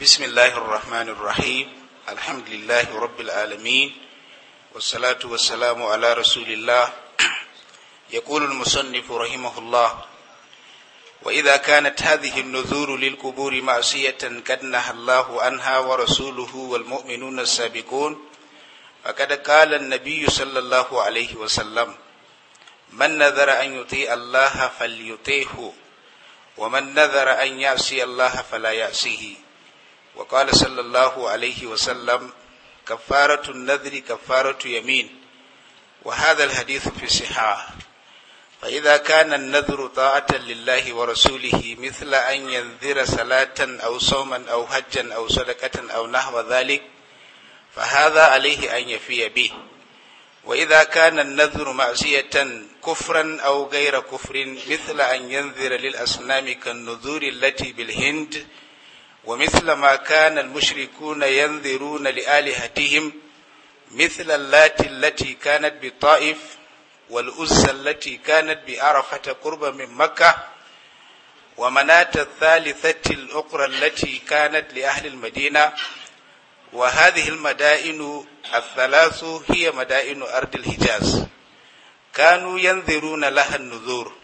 بسم الله الرحمن الرحيم الحمد لله رب العالمين والصلاة والسلام على رسول الله يقول المصنف رحمه الله وإذا كانت هذه النذور للقبور معصية قد نهى الله عنها ورسوله والمؤمنون السابقون فقد قال النبي صلى الله عليه وسلم من نذر أن يطيع الله فليطيه ومن نذر أن يعصي الله فلا يعصيه وقال صلى الله عليه وسلم كفارة النذر كفارة يمين وهذا الحديث في صحة فإذا كان النذر طاعة لله ورسوله مثل أن ينذر صلاة أو صوما أو حجا أو صدقة أو نحو ذلك فهذا عليه أن يفي به وإذا كان النذر معصية كفرا أو غير كفر مثل أن ينذر للأصنام كالنذور التي بالهند ومثل ما كان المشركون ينذرون لآلهتهم مثل اللات التي كانت بطائف والأزة التي كانت بعرفة قرب من مكة ومناة الثالثة الأخرى التي كانت لأهل المدينة وهذه المدائن الثلاث هي مدائن أرض الحجاز كانوا ينذرون لها النذور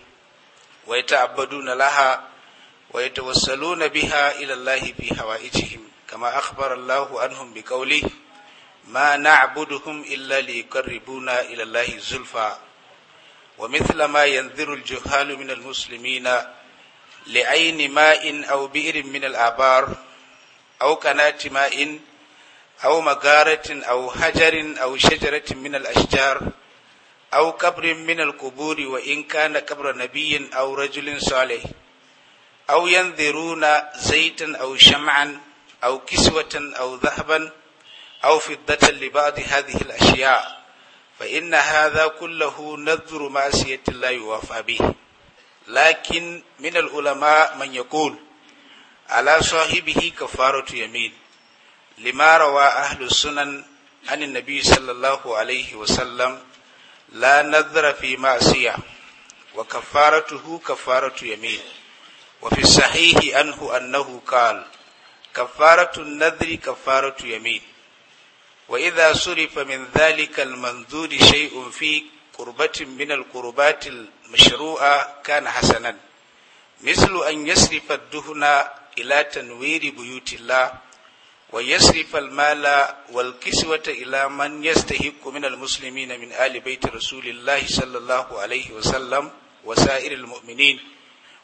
ويتعبدون لها ويتوسلون بها إلى الله في حوائجهم كما أخبر الله عنهم بقوله ما نعبدهم إلا ليقربونا إلى الله زلفى ومثل ما ينذر الجهال من المسلمين لعين ماء أو بئر من الآبار أو قناة ماء أو مغارة أو حجر أو شجرة من الأشجار أو قبر من القبور وإن كان قبر نبي أو رجل صالح أو ينذرون زيتا أو شمعا أو كسوة أو ذهبا أو فضة لبعض هذه الأشياء فإن هذا كله نذر معصية لا يوافى به لكن من العلماء من يقول على صاحبه كفارة يمين لما روى أهل السنن عن النبي صلى الله عليه وسلم لا نذر في معصية وكفارته كفارة يمين وفي الصحيح أنه أنه قال كفارة النذر كفارة يمين وإذا صرف من ذلك المنذور شيء في قربة من القربات المشروعة كان حسنا مثل أن يصرف الدهن إلى تنوير بيوت الله ويصرف المال والكسوة إلى من يستحق من المسلمين من آل بيت رسول الله صلى الله عليه وسلم وسائر المؤمنين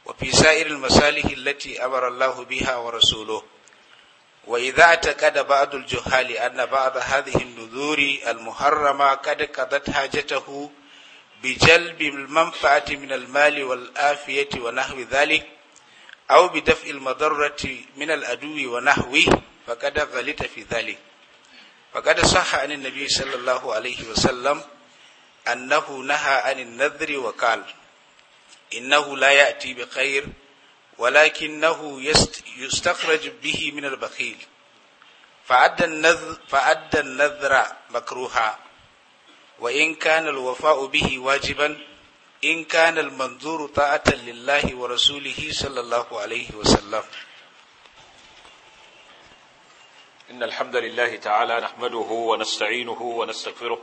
وفي سائر المصالح التي أمر الله بها ورسوله وإذا اعتقد بعض الجهال أن بعض هذه النذور المحرمة قد قضت حاجته بجلب المنفعة من المال والآفية ونحو ذلك أو بدفع المضرة من العدو ونحوه فقد غلط في ذلك فقد صح عن النبي صلى الله عليه وسلم أنه نهى عن النذر وقال إنه لا يأتي بخير ولكنه يستخرج به من البخيل فأدى النذر, فأدى النذر مكروها وإن كان الوفاء به واجبا إن كان المنظور طاعة لله ورسوله صلى الله عليه وسلم إن الحمد لله تعالى نحمده ونستعينه ونستغفره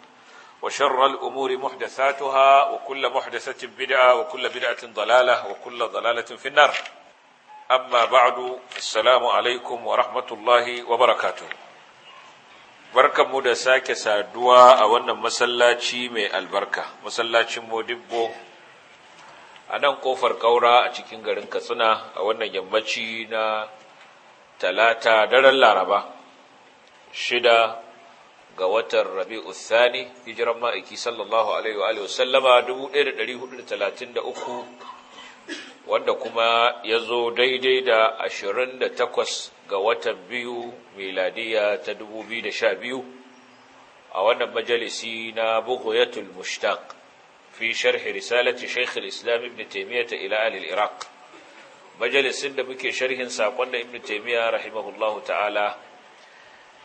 وشر الأمور محدثاتها وكل محدثة بدعة وكل بدعة ضلالة وكل ضلالة في النار أما بعد السلام عليكم ورحمة الله وبركاته بركة مدسا كسادوا أولا مسلاتي من البركة مسلاتي مدبو أنا قوفر قورا أتكين غرين كثنا أولا يمتي na talata daren laraba shida ga watan rabi'u thani hijiran ma'aiki sallallahu alaihi wa alihi 1433 wanda kuma ya zo daidai da 28 ga watan biyu miladiya ta 2012 a wannan majalisi na bughyatul mushtaq fi sharhi risalati shaykh al-islam ibn taymiyyah ila ahli al-iraq majalisin da muke sharhin sakon da ibn taymiyyah rahimahullahu ta'ala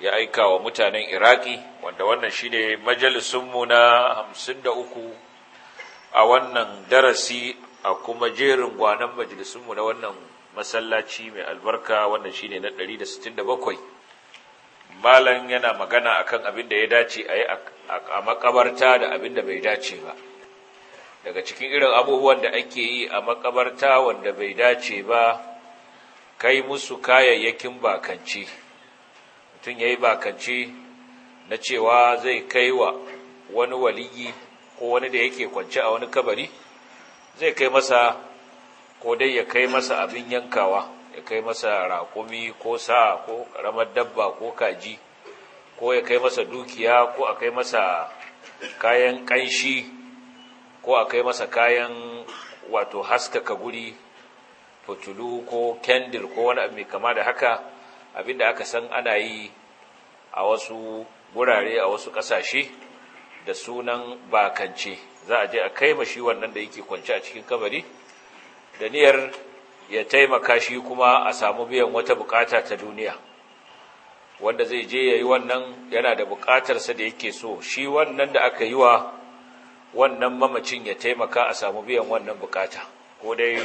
ya aika wa mutanen iraki wanda wannan shi ne majalisunmu na hamsin da uku a wannan darasi a kuma jerin gwanon majalisunmu na wannan masallaci mai albarka wannan ne na 167 malam yana magana akan abin da ya dace a yi a makabarta da abin da bai dace ba daga cikin irin abubuwan da ake yi a makabarta wanda bai dace ba kai musu kayayyakin bakanci. mutum ya yi bakance na cewa zai kai wa wani waliyi ko wani da yake kwance a wani kabari zai kai masa ko dai ya kai masa abin yankawa ya kai masa rakumi ko sa'a ko ramar dabba ko kaji ko ya kai masa dukiya ko a kai masa kayan ƙanshi ko a kai masa kayan wato haskaka guri fitulu ko kendir ko wani abu mai kama da haka abinda aka san ana yi a wasu gurare a wasu ƙasashe da sunan bakance za a je a kai shi wannan da yake kwance a cikin kabari da niyar ya taimaka shi kuma a samu biyan wata bukata ta duniya wanda zai je ya yi wannan yana da bukatarsa da yake so shi wannan da aka yi wa wannan mamacin ya taimaka a samu biyan wannan bukata ko dai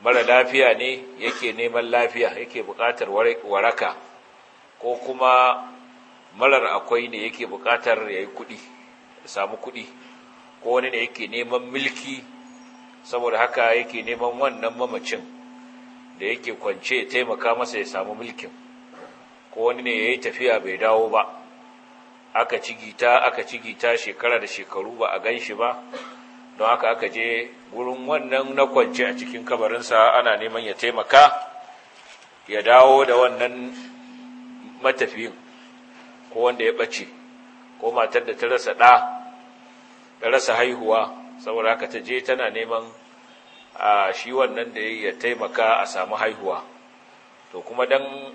mara lafiya ne yake neman lafiya yake buƙatar waraka ko kuma marar akwai ne yake buƙatar ya yi kuɗi ya samu kuɗi ko wani ne yake neman milki saboda haka yake neman wannan mamacin da yake kwance taimaka masa ya samu milkin ko wani ne ya yi tafiya bai dawo ba aka cigita aka cigita shekara da shekaru ba a gan shi ba don haka aka je wurin wannan na kwance a cikin kabarinsa ana neman ya taimaka ya dawo da wannan matafiyin ko wanda ya ɓace ko matar da ta rasa ɗa ta rasa haihuwa saboda haka ta je tana neman a shi wannan da ya taimaka a samu haihuwa to kuma don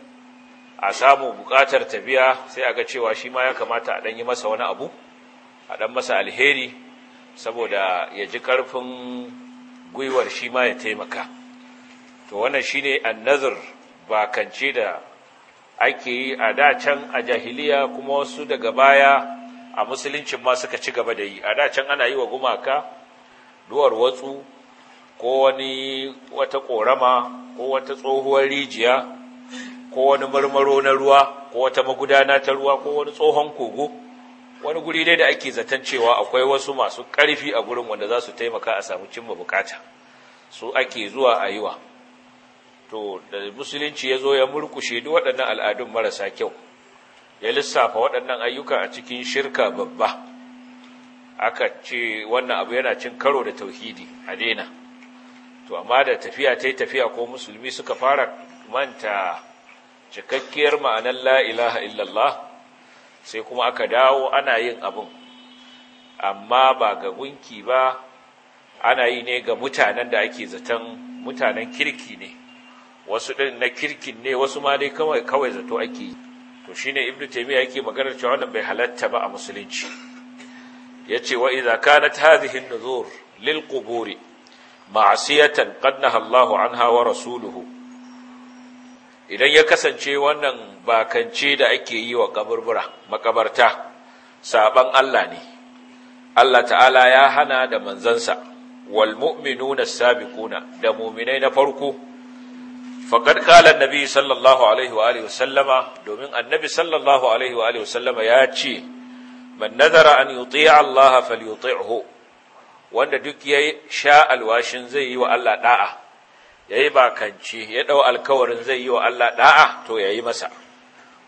a samu buƙatar tafiya sai a ga cewa shi ma ya kamata a ɗan masa wani abu a ɗan masa alheri saboda ya ji ƙarfin gwiwar shi ma ya taimaka to wannan shine annazir bakance da ake yi a da a jahiliya kuma wasu daga baya a musuluncin ma suka ci gaba da yi a da can ana yi wa gumaka duwar watsu ko wani wata korama ko wata tsohuwar rijiya ko wani marmaro na ruwa ko wata magudana ta ruwa ko wani tsohon kogo wani guri dai da ake zaton cewa akwai wasu masu ƙarfi a gurin wanda za su taimaka a samu cimma bukata su ake zuwa a yiwa to da musulunci ya zo ya murkushe duk waɗannan al'adun marasa kyau ya lissafa waɗannan ayyuka a cikin shirka babba aka ce wannan abu yana cin karo da tauhidi a daina to amma da tafiya ta yi tafiya ko musulmi suka fara manta cikakkiyar ma'anar La'ilaha illallah sai kuma aka dawo ana yin abin amma ba ga gunki ba ana yi ne ga mutanen da ake zaton mutanen kirki ne wasu ɗin na kirkin ne wasu ma dai kawai kawai zato ake yi to shi shine ibnu taimiyya yake maganar cewa wannan bai halatta ba a musulunci Ya ce, wa idza kanat ta zihin nuzur lil quburi ma'siyatan qad naha Allahu anha wa rasuluhu idan ya kasance wannan bakance da ake yi wa kaburbura makabarta saban Allah ne Allah ta'ala ya hana da manzansa wal mu'minuna sabiquna da mu'minai na farko faqad qala annabi sallallahu alaihi wa alihi wasallama domin annabi sallallahu alaihi wa alihi wasallama ya ce man nadara an yuti'a Allah falyuti'hu wanda duk yayi sha alwashin zai yi wa Allah da'a yayi bakanci ya dau alkawarin zai yi wa Allah ɗa'a to yayi masa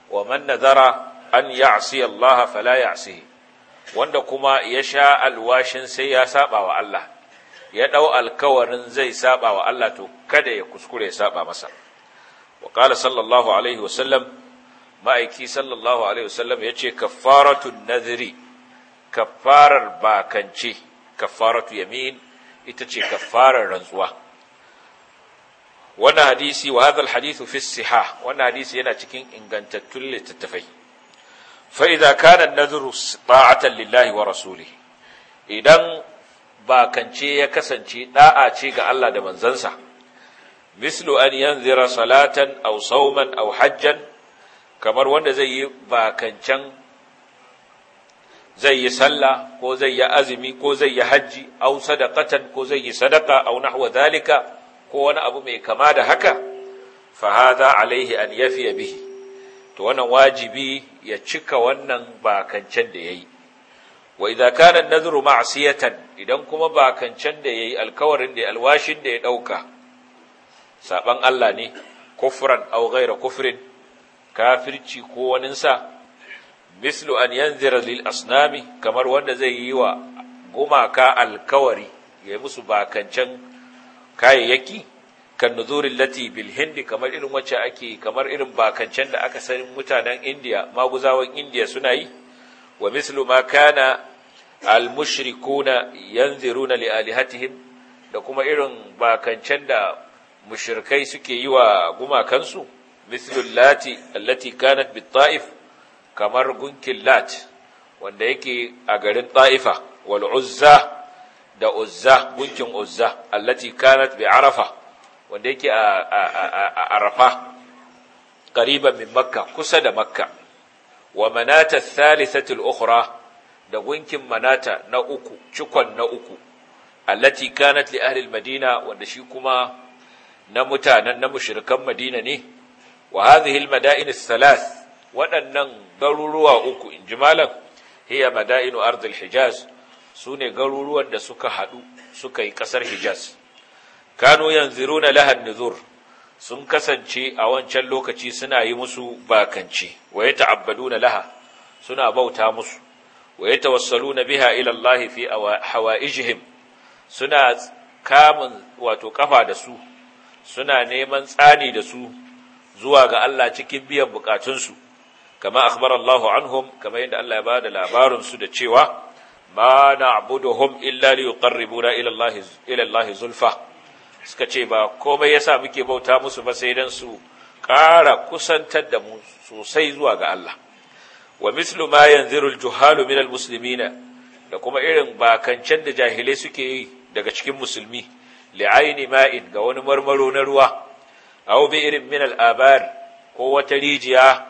wa man nadara an ya'si Allah fala ya'si wanda kuma ya sha alwashin sai ya saba wa Allah ya dau alkawarin zai saba wa Allah to kada ya kuskure ya saba masa wa qala sallallahu alaihi wa sallam ma'aiki sallallahu alaihi wa sallam yace kaffaratun nadhri kaffarar bakanci kaffaratu yamin ita ce kaffarar rantsuwa wannan hadisi wa hadha alhadithu fi siha, wannan hadisi yana cikin ingantattun littattafai fa idza kana an-nadhru ta'atan lillahi wa rasuli idan kance ya kasance da'a ce ga Allah da manzansa mislu an yanzira salatan aw sawman aw hajjan kamar wanda zai yi bakancan zai yi sallah ko zai yi azumi ko zai yi hajji aw sadaqatan ko zai yi sadaqa aw nahwa dhalika ko wani abu mai kama da haka fa alaihi an yafiya bihi to wannan wajibi ya cika wannan bakancen da yayi wa idza kana an-nadhru ma'siyatan idan kuma bakancen da yayi alkawarin da alwashin da ya dauka saban Allah ne kufran aw ghayra kufrin kafirci ko waninsa mislu an yanzira lil asnami kamar wanda zai yi wa gumaka alkawari ya musu bakancen kayayyaki kan nuzurin lati bil hindi kamar irin wacce ake kamar irin bakancen da aka san mutanen indiya maguzawan indiya suna yi wa mislu ma kana al mushrikuna yanziruna li alihatihim da kuma irin bakancen da mushrikai suke yi wa gumakansu mislu lati allati kanat bit ta'if kamar gunkin lat wanda yake a garin ta'ifa wal uzza da uzza gunkin uzza allati kanat bi arafa wanda yake a arafa min makka kusa da makka wa manata thalithatu al-ukhra da gunkin manata na uku cikon na uku allati kanat li ahli madina wanda shi kuma na mutanen na mushrikan madina ne wa hadhihi al-mada'in ath-thalath waɗannan garuruwa uku in ji malam hiya mada'inu ardil hijaz su ne garuruwan da suka haɗu suka yi ƙasar hijaz kano runa lahan nuzur sun kasance a wancan lokaci suna yi musu bakanci waye ya ta'abbaduna laha suna bauta musu wa ya tawassaluna biha ila Allah fi hawaijihim suna kamun wato kafa da su suna neman tsani da su zuwa ga Allah cikin biyan bukatunsu kama akhbara Allahu anhum kama yadda Allah ya bada labarin da cewa ma na'buduhum illa liyuqarribuna ila Allah ila Allah zulfa suka ce ba komai yasa muke bauta musu ba sai dan su ƙara kusantar da mu sosai zuwa ga Allah wa mislu ma yanziru al-juhalu min da kuma irin bakancen da jahilai suke yi daga cikin musulmi li'aini ma'in ga wani marmaro na ruwa aw irin min al-abar ko wata rijiya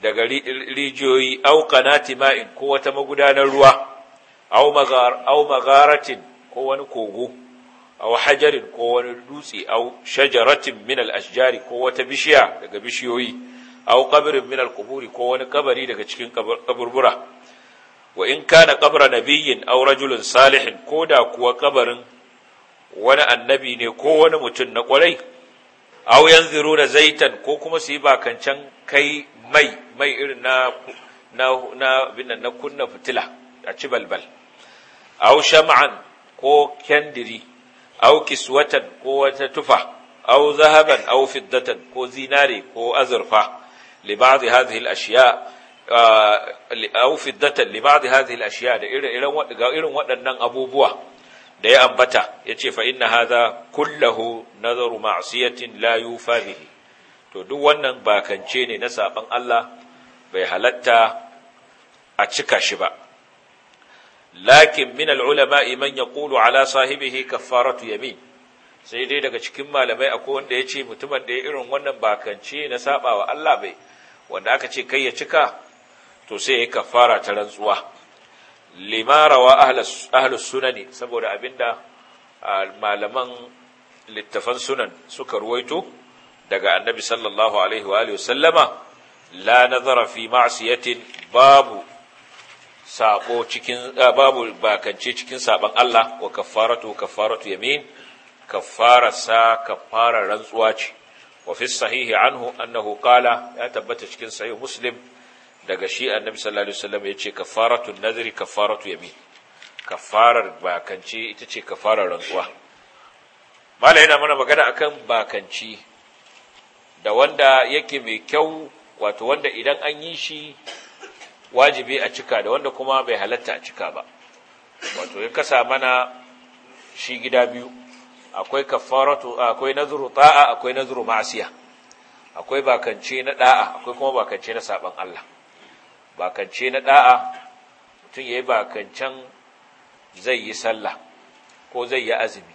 daga rijiyoyi aw qanati ma'in ko wata magudanar ruwa aw magharatin ko wani kogo aw hajarin ko wani dutse aw shajaratin min al-ashjari ko wata bishiya daga bishiyoyi aw qabrin min al-quburi ko wani kabari daga cikin kaburbura wa in kana qabra nabiyyin aw rajulin salihin ko da kuwa kabarin wani annabi ne ko wani mutum na kwarai aw da zaitan ko kuma su yi bakancan kai mai mai irin na na na na kunna fitila a ci balbal aw sham'an ko kyandiri au kiswatan ko wata tufa aw zahaban aw fiddatan ko zinare ko azurfa li ba'd hadhihi al-ashya uh, aw da irin waɗannan abubuwa da ya ambata Ya ce fa inna hadha kullahu nazaru ma'siyatin la yufa to duk wannan bakance ne na saban Allah bai halatta a cika shi ba lakin min al'ulama ya yaqulu ala sahibihi kaffaratu yamin sai dai daga cikin malamai akwai wanda ya ce mutumin da ya irin wannan bakance na saba wa Allah bai wanda aka ce kai ya cika to sai ya kafara ta rantsuwa limara wa ahlus sunani saboda abinda malaman littafan sunan suka ruwaito daga annabi sallallahu alaihi wa alihi sallama la nazara fi ma'siyatin babu sabo cikin babu bakance cikin saban Allah wa kaffaratu kaffaratu yamin kaffarasa kafara rantsuwa ce wa fi sahihi anhu annahu qala ya tabbata cikin sahih muslim daga shi annabi sallallahu alaihi wasallam yace kafaratu nadri kafaratu yamin kafarar bakance ita ce kafarar rantsuwa malai yana mana magana akan bakanci da wanda yake mai kyau wato wanda idan an yi shi wajibi a cika da wanda kuma bai halatta a cika ba wato ya kasa mana shi gida biyu akwai kafaratu akwai nazuru ta'a akwai nazuru ma'asiya akwai bakance na da'a akwai kuma bakance na saban Allah bakance na da'a mutum yayi bakancan zai yi sallah ko zai yi azumi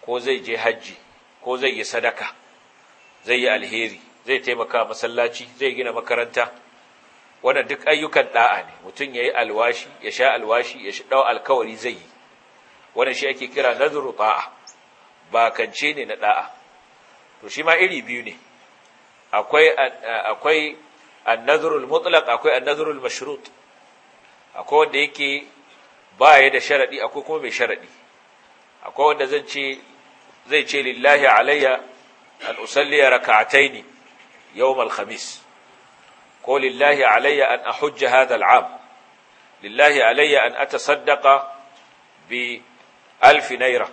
ko zai je hajji ko zai yi sadaka zai yi alheri zai taimaka masallaci zai gina makaranta wannan duk ayyukan da'a ne mutum yayi alwashi ya sha alwashi ya dau alkawari zai yi wannan shi ake kira nadru ta'a ba kance ne na da'a to shi ma iri biyu ne akwai akwai an mutlaq akwai annazrul nadrul mashrut akwai wanda yake baya da sharadi akwai kuma mai sharadi akwai wanda zan ce zai ce lillahi alayya an usalli raka'ataini yawm al-khamis ko lillahi alayya an ahujja hadha al'am lillahi alayya an atasaddaqa bi alf naira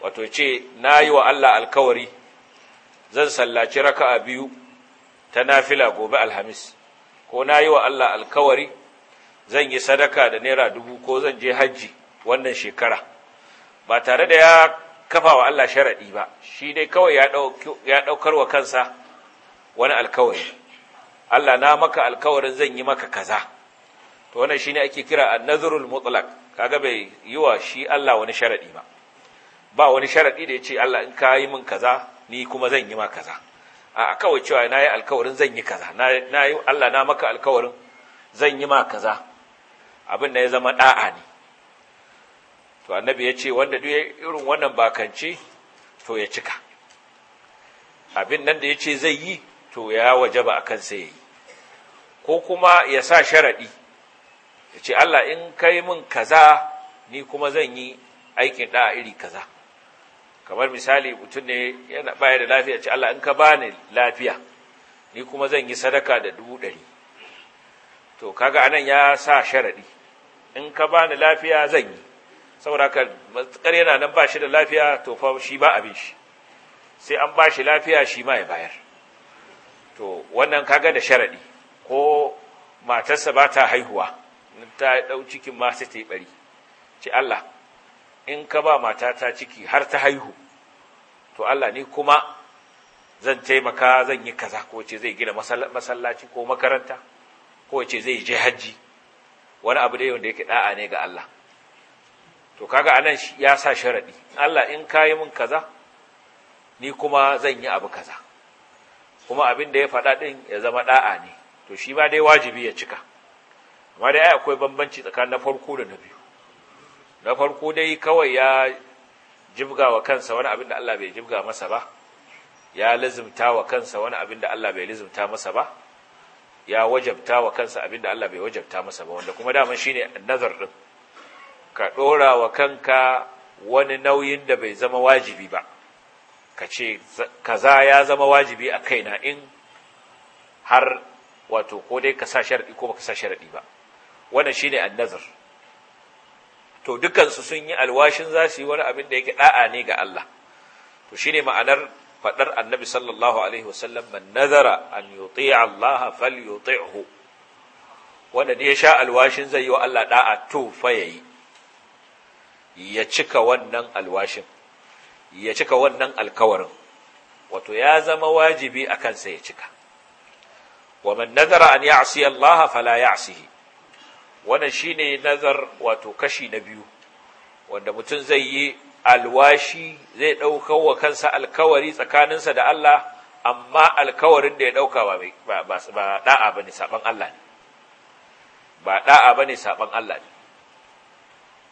wato ce nayi wa Allah alkawari zan sallaci raka'a biyu ta nafila gobe alhamis ko nayi wa Allah alkawari zan yi sadaka da naira dubu ko zan je hajji wannan shekara ba tare da ya kafa wa Allah sharaɗi ba shi dai kawai ya ɗaukar wa kansa wani alkawari Allah na maka alkawarin zan yi maka kaza to wannan shine ake kira an-nazrul mutlaq kaga bai yi wa shi Allah wani sharadi ba ba wani sharadi da yace Allah in ka yi min kaza ni kuma zan yi ma kaza a kawai cewa na yi alkawarin zan yi kaza na yi Allah na maka alkawarin zan yi ma kaza abin da ya zama da'a ne to annabi ya ce wanda duk irin wannan bakanci, to ya cika abin nan da yace zai yi to ya waje ba a kan sai yayi ko kuma ya sa sharaɗi ya ce Allah in kai min kaza ni kuma zan yi aikin ɗa iri kaza kamar misali mutum ne yana baya da lafiya ce Allah in ka bani lafiya ni kuma zan yi sadaka da dubu ɗari to kaga anan ya sa sharaɗi in ka bani lafiya zan yi saboda ka matsakar yana nan ba shi da lafiya to fa shi ba abin shi sai an ba shi lafiya shi ma ya bayar to wannan kaga da sharadi ko matarsa ba ta haihuwa ta dau cikin ma sai ta yi bari ce Allah in ka ba matata ciki har ta haihu to Allah ni kuma zan taimaka zan yi kaza ko ce zai gina masallaci ko makaranta ko ce zai je hajji wani abu dai wanda yake da'a ne ga Allah to kaga anan ya sa sharadi Allah in kayi min kaza ni kuma zan yi abu kaza kuma abin da ya faɗa ɗin ya zama ɗa'a ne to shi ma dai wajibi ya cika amma dai akwai bambanci tsakanin na farko da na biyu na farko dai kawai ya jibga wa kansa wani abin da Allah bai jibga masa ba ya lazimta wa kansa wani abin da Allah bai lazimta masa ba ya wajabta wa kansa abin da Allah bai wajabta masa ba wanda kuma daman shine nazar din ka dora wa kanka wani nauyin da bai zama wajibi ba ka ce kaza ya zama wajibi a kaina in har wato ko dai ka sa sharadi ko baka sa sharadi ba wannan shine annazar to dukansu sun yi alwashin za su yi wani abin da yake da'a ne ga Allah to shine ma'anar fadar annabi sallallahu alaihi wasallam man nazara an yuti Allah falyuti'hu wanda da ya sha alwashin zai yi wa Allah da'a to fa yayi ya cika wannan alwashin ya cika wannan alkawarin wato ya zama wajibi a kansa ya cika wa man nazara an ya'si Allah fala ya'sihi wannan shine nazar wato kashi na biyu wanda mutum zai yi alwashi zai dauka wa kansa alkawari tsakaninsa da Allah amma alkawarin da ya dauka ba ba da'a bane saban Allah ne ba da'a bane saban Allah ne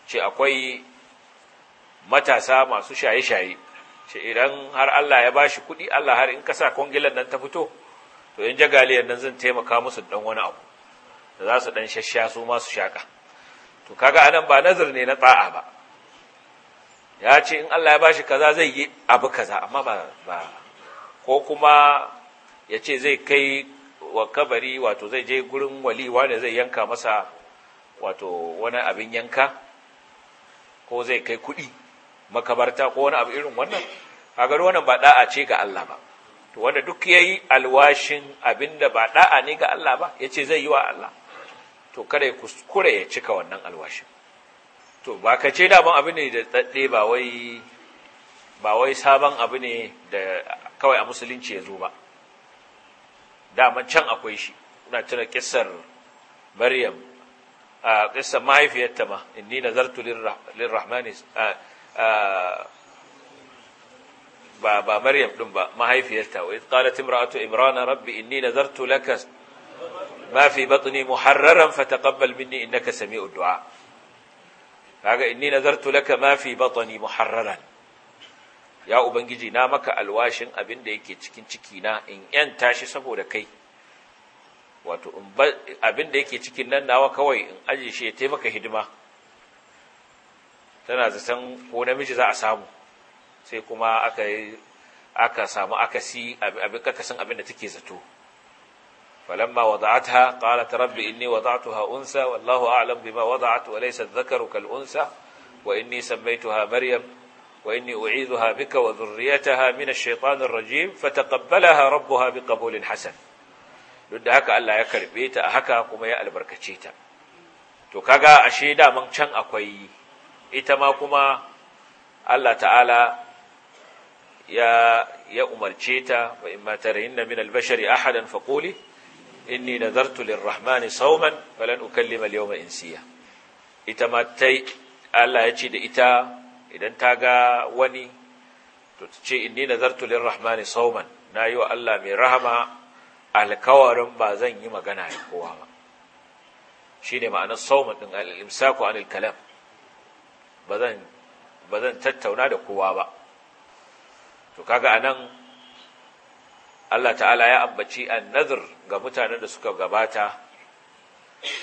ce akwai matasa masu shaye-shaye shi idan har Allah ya bashi kuɗi Allah har in kasa kwangilan nan ta fito to in jagaliyar nan zan taimaka musu dan wani abu da za su dan shashsha su ma su shaka to kaga anan ba nazar ne na ta'a ba ya ce in Allah ya bashi kaza zai yi abu kaza amma ba ba ko kuma ya ce zai kai wa kabari wato zai je gurin wali wanda zai yanka masa wato wani abin yanka ko zai kai kuɗi makabarta ko wani abu irin wannan a gari wannan ba da'a ce ga Allah ba to wanda duk yayi alwashin abinda ba da'a ne ga Allah ba ya ce zai yi wa Allah to kada ya kuskure ya cika wannan alwashin to ba ka ce da abu ne da tsade ba wai ba wai sabon abu ne da kawai a musulunci ya zo ba daman can akwai shi kuna tuna kissar maryam a kissar mahaifiyarta ma inni nazartu lirrahmani ba maryam din ba mahaifiyarta wa qalat imra'atu imrana rabbi inni nazartu laka ma fi batni muharraran fataqabbal minni innaka sami'ud du'a kaga inni nazartu laka ma fi batni muharraran ya ubangiji na maka alwashin abin da yake cikin ciki na in yan shi saboda kai wato abin da yake cikin nan nawa kawai in aje shi ya taimaka hidima tana zaton ko namiji za a samu sai kuma aka yi aka samu aka si abin karkashin abin da take zato falamma wada'ata qalat rabbi inni wada'tuha unsa wallahu a'lam bi ma wa laysa dhakaru kal unsa wa inni sammaytuha maryam wa inni u'idhuha bika wa dhurriyyataha min ash shaytanir rajim fataqabbalaha rabbuha biqabulin Hassan. duk da haka Allah ya karbe ta haka kuma ya albarkace ta to kaga ashe daman can akwai ita ma kuma Allah ta'ala ya ya umarce ta wa in ma na min albashari bashari ahadan faquli inni nadartu lirrahmani sawman falan ukallima al in insiya ita ma tai Allah ya ce da ita idan ta ga wani to ta ce inni nadartu lirrahmani na yi wa Allah mai rahama alkawarin ba zan yi magana da kowa ba shine ma'anar ɗin din al-imsaku anil kalam ba zan tattauna da kowa ba to kaga anan Allah ta'ala ya ambaci annazir ga mutanen da suka gabata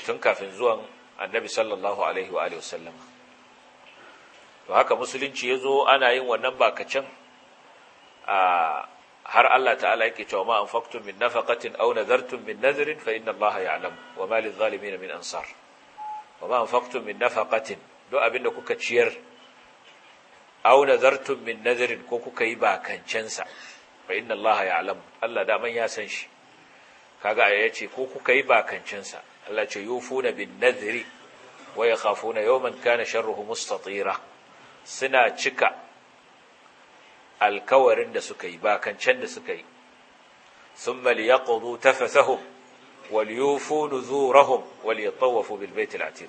tun kafin zuwan annabi sallallahu alaihi wa sallama to haka musulunci ya zo ana yin wannan bakacin a har Allah ta'ala yake cewa ma anfaqtum min nafaqatin aw nadartum min nadrin fa inna Allah ya'lam wa ma lil zalimin min ansar wa ma anfaqtum min nafaqatin duk abinda kuka ciyar auna zartun min nazarin ko kuka yi bakancensa fa inna Allah ya'lam Allah da man ya san shi kaga aya ce ko kuka yi bakancensa Allah ce yufuna bin nadri wa yakhafuna yawman kana sharruhu mustatira suna cika alkawarin da suka yi bakancen da suka yi thumma liyaqdu tafathahum وليوفوا نذورهم وليطوفوا baitul ati.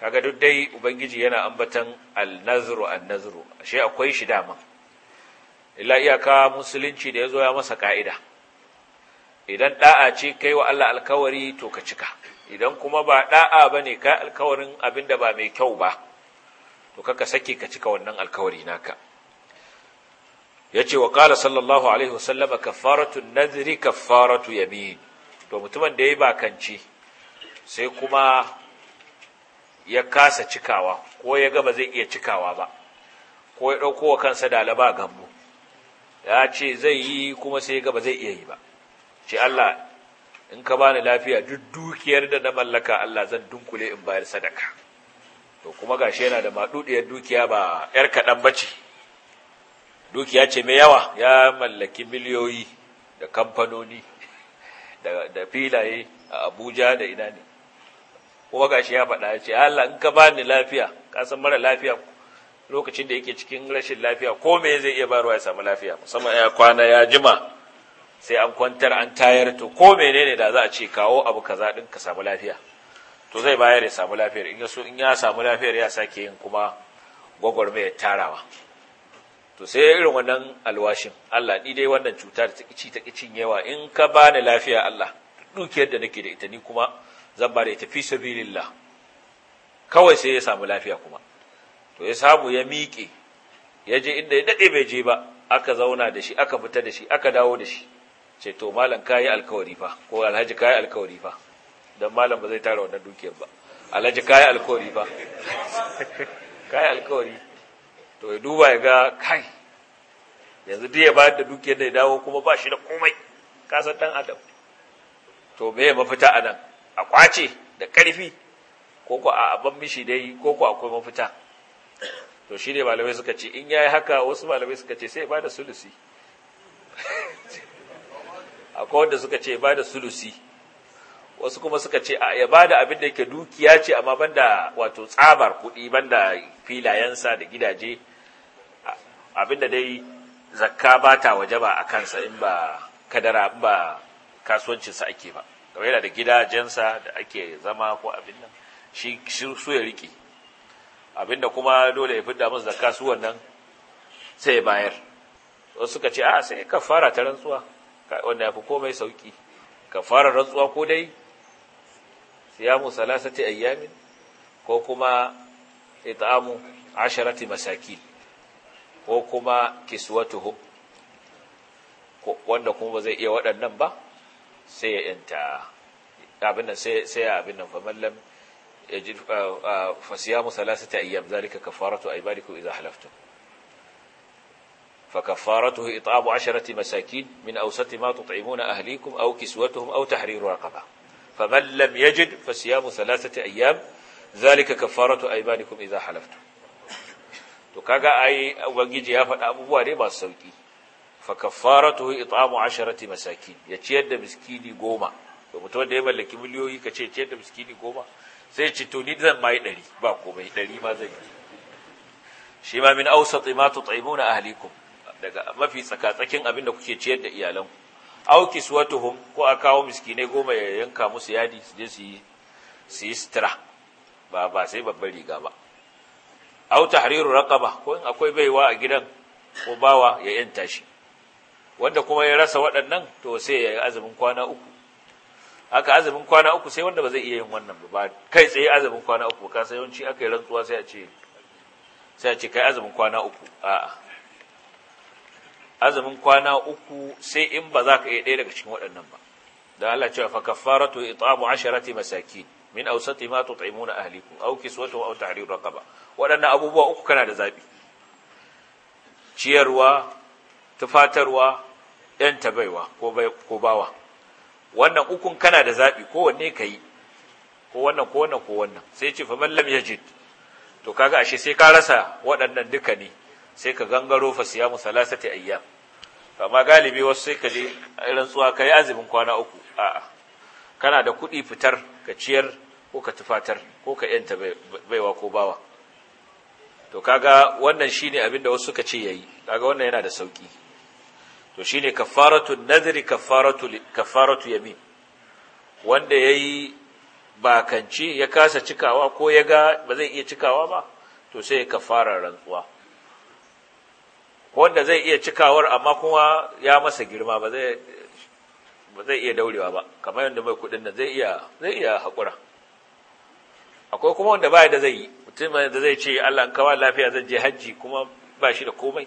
kaga duk dai ubangiji yana ambatan al-nazru al nazru ashe akwai shi dama illa iyaka musulunci da yazo ya masa ka'ida idan da'a ce kai wa Allah alkawari to ka cika idan kuma ba da'a bane kai alkawarin abinda ba mai kyau ba to kaka sake ka cika wannan alkawari naka yace wa qala sallallahu alaihi wasallam kaffaratu an nadhri kaffaratu yamin to mutumin da yayi bakanci sai kuma ya kasa cikawa ko ya gaba zai iya cikawa ba ko ya ɗauko wa kansa dalaba gambo ya ce zai yi kuma sai ya gaba zai iya yi ba ce Allah in ka bani lafiya duk dukiyar da na mallaka Allah zan dunkule in bayar sadaka to kuma gashi yana da maɗuɗiyar dukiya ba ‘yar kaɗan ba ce dukiya ce mai yawa ya mallaki miliyoyi da kamfanoni da filaye a abuja da ina kuma gashi ya faɗa ya ce Allah in ka bani lafiya ka san mara lafiya lokacin da yake cikin rashin lafiya ko me zai iya barwa ya samu lafiya musamman ya kwana ya jima sai an kwantar an tayar to ko menene da za a ce kawo abu kaza din ka samu lafiya to zai bayar ya samu lafiyar in ya so in ya samu lafiyar ya sake yin kuma gwagwarmayar tarawa to sai irin wannan alwashin Allah ni dai wannan cuta ta kici ta kicin yawa in ka bani lafiya Allah dukiyar da nake da ita ni kuma zan ba da ita fi sabilillah kawai sai ya samu lafiya kuma to ya samu ya miƙe ya je inda ya daɗe bai je ba aka zauna da shi aka fita da shi aka dawo da shi ce to malam kayi alkawari fa ko alhaji kayi alkawari fa dan malam ba zai tara wannan dukiyar ba alhaji kayi alkawari fa kayi alkawari to ya duba ya ga kai yanzu duk ya bayar da dukiyar da ya dawo kuma ba shi da komai ka san dan adam to me mafita anan a kwace da ƙarfi ko ko a abban mishi dai ko ko akwai mafita to shi ne malamai suka ce in yayi haka wasu malamai suka ce sai ba da sulusi akwai wanda suka ce ba da sulusi wasu kuma suka ce ya ba da abin da yake dukiya ce amma banda wato tsabar kuɗi banda filayensa da gidaje abin da dai zakka ba ta waje ba a kansa in ba kadara ba kasuwancinsa ake ba kamar yana da gidajensa da ake zama ko abin nan shi su ya riƙe abinda kuma dole ya fidda musu zakka su wannan sai ya bayar wasu suka ce a sai ka fara ta rantsuwa wanda ya fi komai sauki kafara rantsuwa ko dai siyamu salasati ayyamin ko kuma it'amu asharati masakin ko kuma kiswatuhu wanda kuma ba zai iya waɗannan ba sai ya yanta abin nan sai sai ya abin nan fa mallam yaji fa siyamu فكفارته إطعام عشرة مساكين من أوسط ما تطعمون أهليكم أو كسوتهم أو تحرير رقبة فمن لم يجد فصيام ثلاثة أيام ذلك كفارة أيمانكم إذا حلفتم تكاغا أي وجيجي يا فتى أبو بوالي ما سوكي fa kaffaratuhu it'amu asharati masakin ya ciyar da miskini goma to mutum da ya mallaki miliyoyi ka ce ciyar da miskini goma sai ce to ni zan mai ɗari ba komai dari ma zan yi shi ma min ausat ma tut'imuna ahlikum daga mafi tsakatsakin abin da kuke ciyar da iyalanku aw kiswatuhum ko a kawo miskinai goma ya yanka musu yadi su je su yi su yi sutura ba ba sai babbar riga ba aw tahriru raqaba ko in akwai baiwa a gidan ko bawa ya yanta shi wanda kuma ya rasa waɗannan to sai ya yi azumin kwana uku haka azumin kwana uku sai wanda ba zai iya yin wannan ba kai tsaye azumin kwana uku ka sai yawanci aka yi rantsuwa sai a ce sai a ce kai azumin kwana uku a'a azumin kwana uku sai in ba za ka iya ɗaya daga cikin waɗannan ba da Allah cewa fa kaffaratu it'amu asharati masakin min awsati ma tut'imuna ahlikum aw kiswatuhum aw tahrir raqaba waɗannan abubuwa uku kana da zabi ciyarwa tufatarwa ta baiwa ko bawa wannan ukun kana da zaɓi wanne ka yi ko wannan ko wannan ko wannan sai ce faman lam yajid to kaga ashe sai ka rasa waɗannan duka ne sai ka gangaro fa siyamu salasati ayyam to amma galibi wasu sai ka je irin tsuwa kai azumin kwana uku a'a kana da kuɗi fitar ka ciyar ko ka tufatar ko ka yanta baiwa ko bawa to kaga wannan shine abin da wasu suka ce yayi kaga wannan yana da sauki to shine kafaratu nadri kafaratu kafaratu yamin wanda yayi bakanci ya kasa cikawa ko ya ga ba zai iya cikawa ba to sai ya kafara rantsuwa wanda zai iya cikawar amma kuma ya masa girma ba zai ba iya daurewa ba kamar yadda mai kudin nan zai iya zai akwai kuma wanda baya da zai yi mutum da zai ce Allah in lafiya zan je hajji kuma ba shi da komai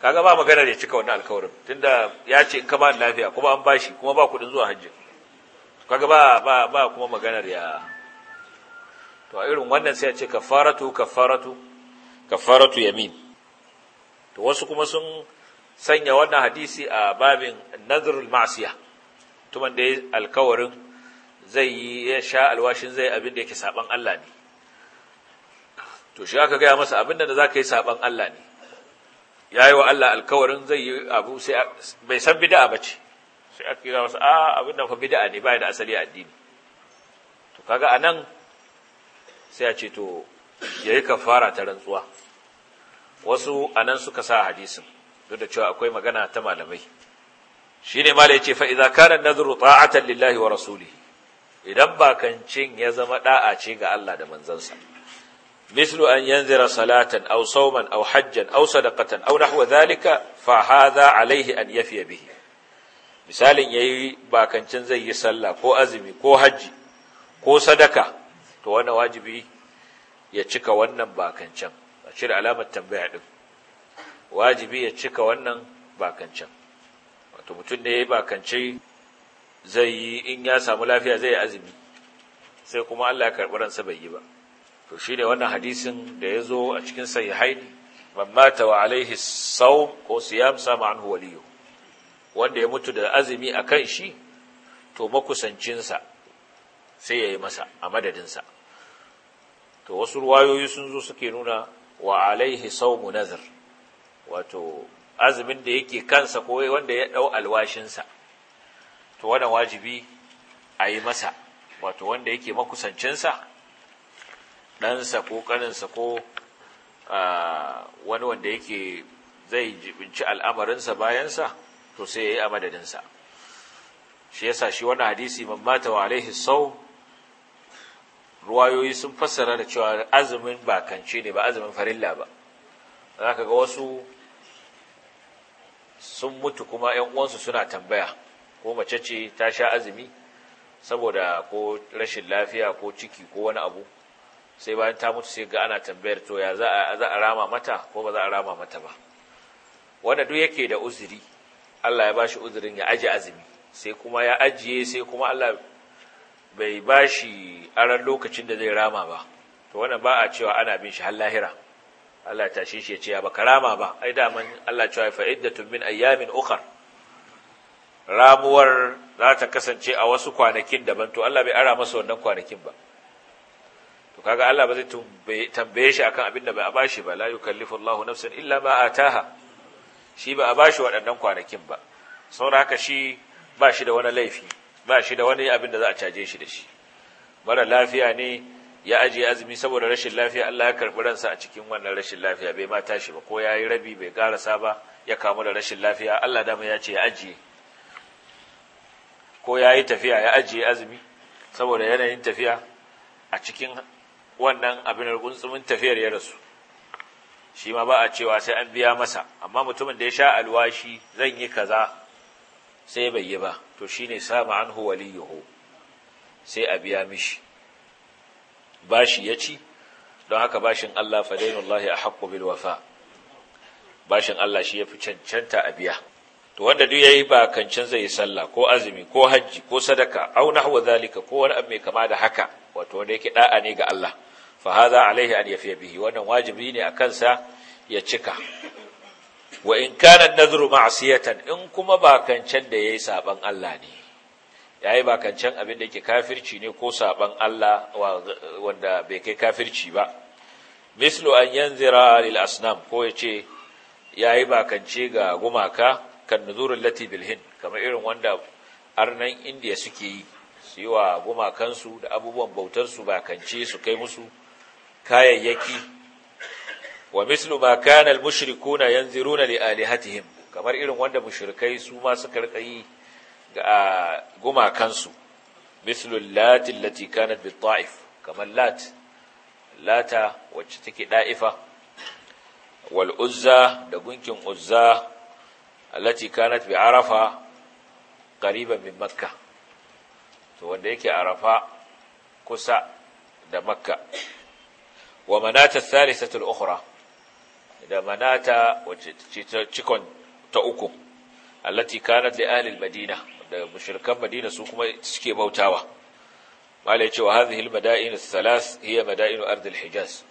kaga ba maganar ya cika wannan alkawarin tunda ya ce in ka ba lafiya kuma an bashi kuma ba kuɗin zuwa hajji kaga ba ba ba kuma maganar ya to a irin wannan sai a ce kafaratu kafaratu kafaratu yamin to wasu kuma sun sanya wannan hadisi a babin nazrul ma'siya tuman da alkawarin zai yi ya sha alwashin zai abin da yake saban Allah ne to shi aka gaya masa abin da za ka yi saban Allah ne ya yi wa Allah alkawarin zai yi abu sai bai san bid'a ba ce sai aka yi wasu a ah, abin da fa bid'a ne ba da asali addini to kaga anan sai a ce to yayi kafara ta rantsuwa wasu anan suka sa hadisin duk da cewa akwai magana ta malamai Shi ne shine ce yace fa idza kana nazuru ta'atan lillahi wa rasuli idan bakancin ya zama da'a ce ga Allah da manzansa مثل أن ينذر صلاة أو صوما أو حجا أو صدقة أو نحو ذلك فهذا عليه أن يفي به misalin ya yi bakancin zai yi sallah ko azumi ko hajji ko sadaka to wani wajibi ya cika wannan bakancin a cire alamar tambaya ɗin wajibi ya cika wannan bakancin wato mutum ne ya yi bakance zai yi in ya samu lafiya zai yi azumi sai kuma allah ya karɓi ransa bai yi ba to shi ne wannan hadisin da ya zo a cikin sahihaini man mata wa alaihi ko siyam sama anhu waliyu wanda ya mutu da azumi a kan shi to makusancinsa sai ya yi masa a madadinsa to wasu ruwayoyi sun zo suke nuna wa alaihi saumu nazar wato azumin da yake kansa ko wanda ya ɗau alwashinsa to wannan wajibi a yi masa wato wanda yake makusancinsa ɗansa ko ƙaninsa ko wani wanda yake zai jibinci al'amarinsa bayansa to sai ya yi a madadinsa shi yasa shi wani hadisi mamata mata wa alaihi sau ruwayoyi sun fassara da cewa azumin bakanci ne ba azumin farilla ba za ka ga wasu sun mutu kuma ‘yan uwansu suna tambaya ko mace ce ta sha azumi saboda ko rashin lafiya ko ciki ko wani abu sai bayan ta mutu sai ga ana tambayar to ya za a rama mata ko ba za a rama mata ba wanda duk yake da uzuri Allah ya bashi uzurin ya aje azumi sai kuma ya ajiye sai kuma Allah bai bashi aran lokacin da zai rama ba to wannan ba a cewa ana bin shi har lahira Allah ya tashi shi ya ce ya baka rama ba ai da man Allah cewa fa iddatun min ayyamin ukhar ramuwar za ta kasance a wasu kwanakin daban to Allah bai ara masa wannan kwanakin ba to kaga Allah ba zai tambaye shi akan abin da ba a bashi ba la yukallifu Allahu nafsan illa ma ataha shi ba a shi waɗannan kwanakin ba saboda haka shi ba shi da wani laifi ba shi da wani abin da za a caje shi da shi mara lafiya ne ya ajiye azumi saboda rashin lafiya Allah ya karɓi ransa a cikin wannan rashin lafiya bai ma tashi ba ko ya yi rabi bai garasa ba ya kamu da rashin lafiya Allah dama ya ce ya ajiye ko ya yi tafiya ya ajiye azumi saboda yanayin tafiya a cikin wannan abin gunsumin tafiyar ya rasu shi ma ba a cewa sai an biya masa amma mutumin da ya sha alwashi zan yi kaza sai bai yi ba to shi shine sama anhu waliyuhu sai a biya mishi bashi ya ci don haka bashin Allah a haƙo bil wafa bashin Allah shi ya fi cancanta a biya to wanda duk yayi ba kancan zai yi sallah ko azumi ko hajji ko sadaka au nahwa zalika ko wani abu mai kama da haka wato wanda yake da'a ne ga Allah fa hadha alaihi an yafiya bihi wannan wajibi ne a kansa ya cika wa in kana nadhru ma'siyatan in kuma bakancan da yayi saban Allah ne yayi bakancan abin da yake kafirci ne ko saban Allah wanda bai kai kafirci ba mislu an yanzira lil asnam ko yace yayi bakance ga gumaka kan nuzurul lati bil hin kamar irin wanda arnan indiya suke yi su yi wa gumakansu da abubuwan bautarsu bakance su kai musu kayayyaki wa mislu ma kana al-mushrikuna yanziruna li alihatihim kamar irin wanda mushrikai su ma suka rkayi ga gumakansu mislu lat allati kanat bi ta'if kamar lat lata wacce take da'ifa wal uzza da gunkin uzza allati kanat bi arafa qariban min makka to wanda yake arafa kusa da makka wa manata salisatul ukhra da manata wacce cikon ta uku allati kanat li ahli al-madina da mushrikan madina su kuma suke bautawa mala yace wa hadhihi al-mada'in ath hiya mada'in ard al-hijaz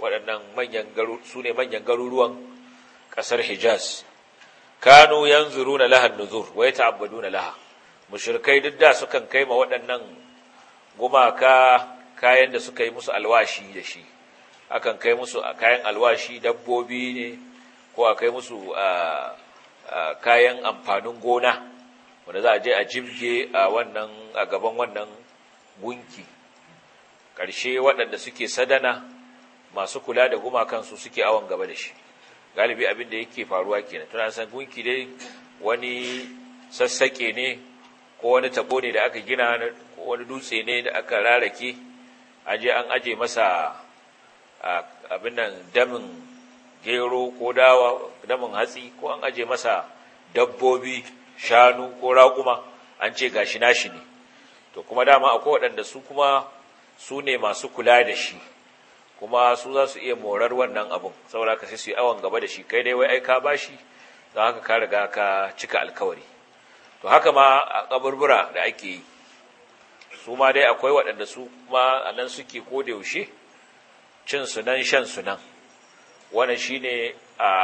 manyan garu sune manyan garuruwan kasar hijaz kanu yanzuruna laha an-nuzur wa yata'abbaduna laha mushrikai duk da sukan kai ma waɗannan gumaka kayan da suka yi musu alwashi da shi akan kai musu a kayan alwashi dabbobi ne ko a kai musu kayan amfanin gona wanda za a je a jibge a wannan a gaban wannan gunki ƙarshe waɗanda suke sadana masu kula da gumakansu suke awon gaba da shi galibi abin da yake faruwa kenan tuna san gunki dai wani sassaƙe ne ko wani tabo ne da aka gina ko wani dutse ne da aka rarake an je an aje masa abin nan damin gero ko dawa damin hatsi ko an aje masa dabbobi shanu ko raƙuma an ce gashi nashi ne to kuma dama akwai waɗanda su kuma su ne masu kula da shi kuma su za su iya morar wannan abin saboda ka sai su yi awon gaba da shi kai dai wai aika ba bashi don haka ka riga ka cika alkawari to haka ma a kaburbura da ake yi su ma dai akwai waɗanda su ma a nan suke ko da yaushe cin su nan shan su nan wannan shine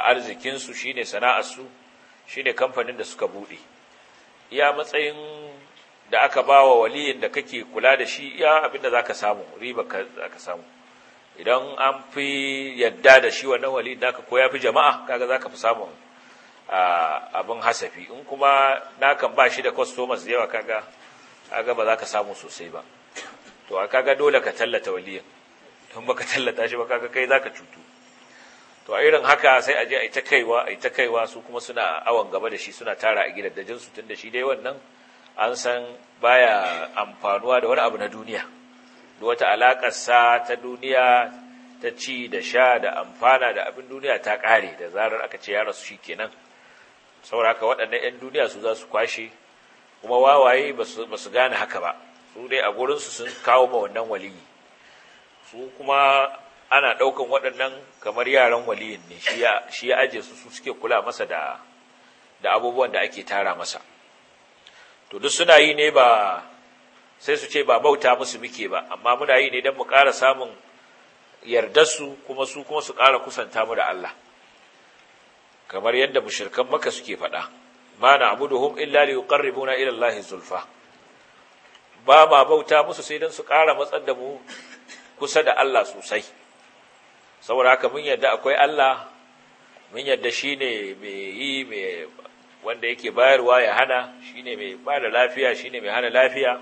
arzikin su shine sana'ar su shine kamfanin da suka bude ya matsayin da aka bawa waliyin da kake kula da shi iya abinda zaka samu riba ka samu idan an fi yadda da shi wannan wali da ko ya fi jama'a kaga zaka fi samun abin hasafi in kuma nakan ba shi da customers da yawa kaga kaga ba za ka samu sosai ba to kaga dole ka tallata waliyin don baka tallata shi ba kaga kai zaka cutu to a irin haka sai a je a ita ta kaiwa a kaiwa su kuma suna awon gaba da shi suna tara a gidan dajin su tun da shi dai wannan an san baya amfanuwa da wani abu na duniya da wata alaƙar sa ta duniya ta ci da sha da amfana da abin duniya ta kare da zarar aka ce ya rasu shi kenan saboda haka waɗannan 'yan duniya su za su kwashe kuma wawaye ba su gane haka ba su dai a gurinsu sun kawo ma wannan waliyi su kuma ana ɗaukan waɗannan kamar yaran waliyin ne shi ya su su suke kula masa da da abubuwan da ake tara masa to duk suna yi ne ba sai su ce ba bauta musu muke ba amma muna yi ne don mu ƙara samun yardarsu kuma su kuma su ƙara kusanta mu da Allah kamar yadda mushirkan maka suke faɗa ma na abuduhum illa li yuqarribuna ila Allah zulfa ba ma bauta musu sai don su ƙara matsar da mu kusa da Allah sosai saboda haka mun yadda akwai Allah mun yadda shine mai yi mai wanda yake bayarwa ya hana shine mai bada lafiya shine mai hana lafiya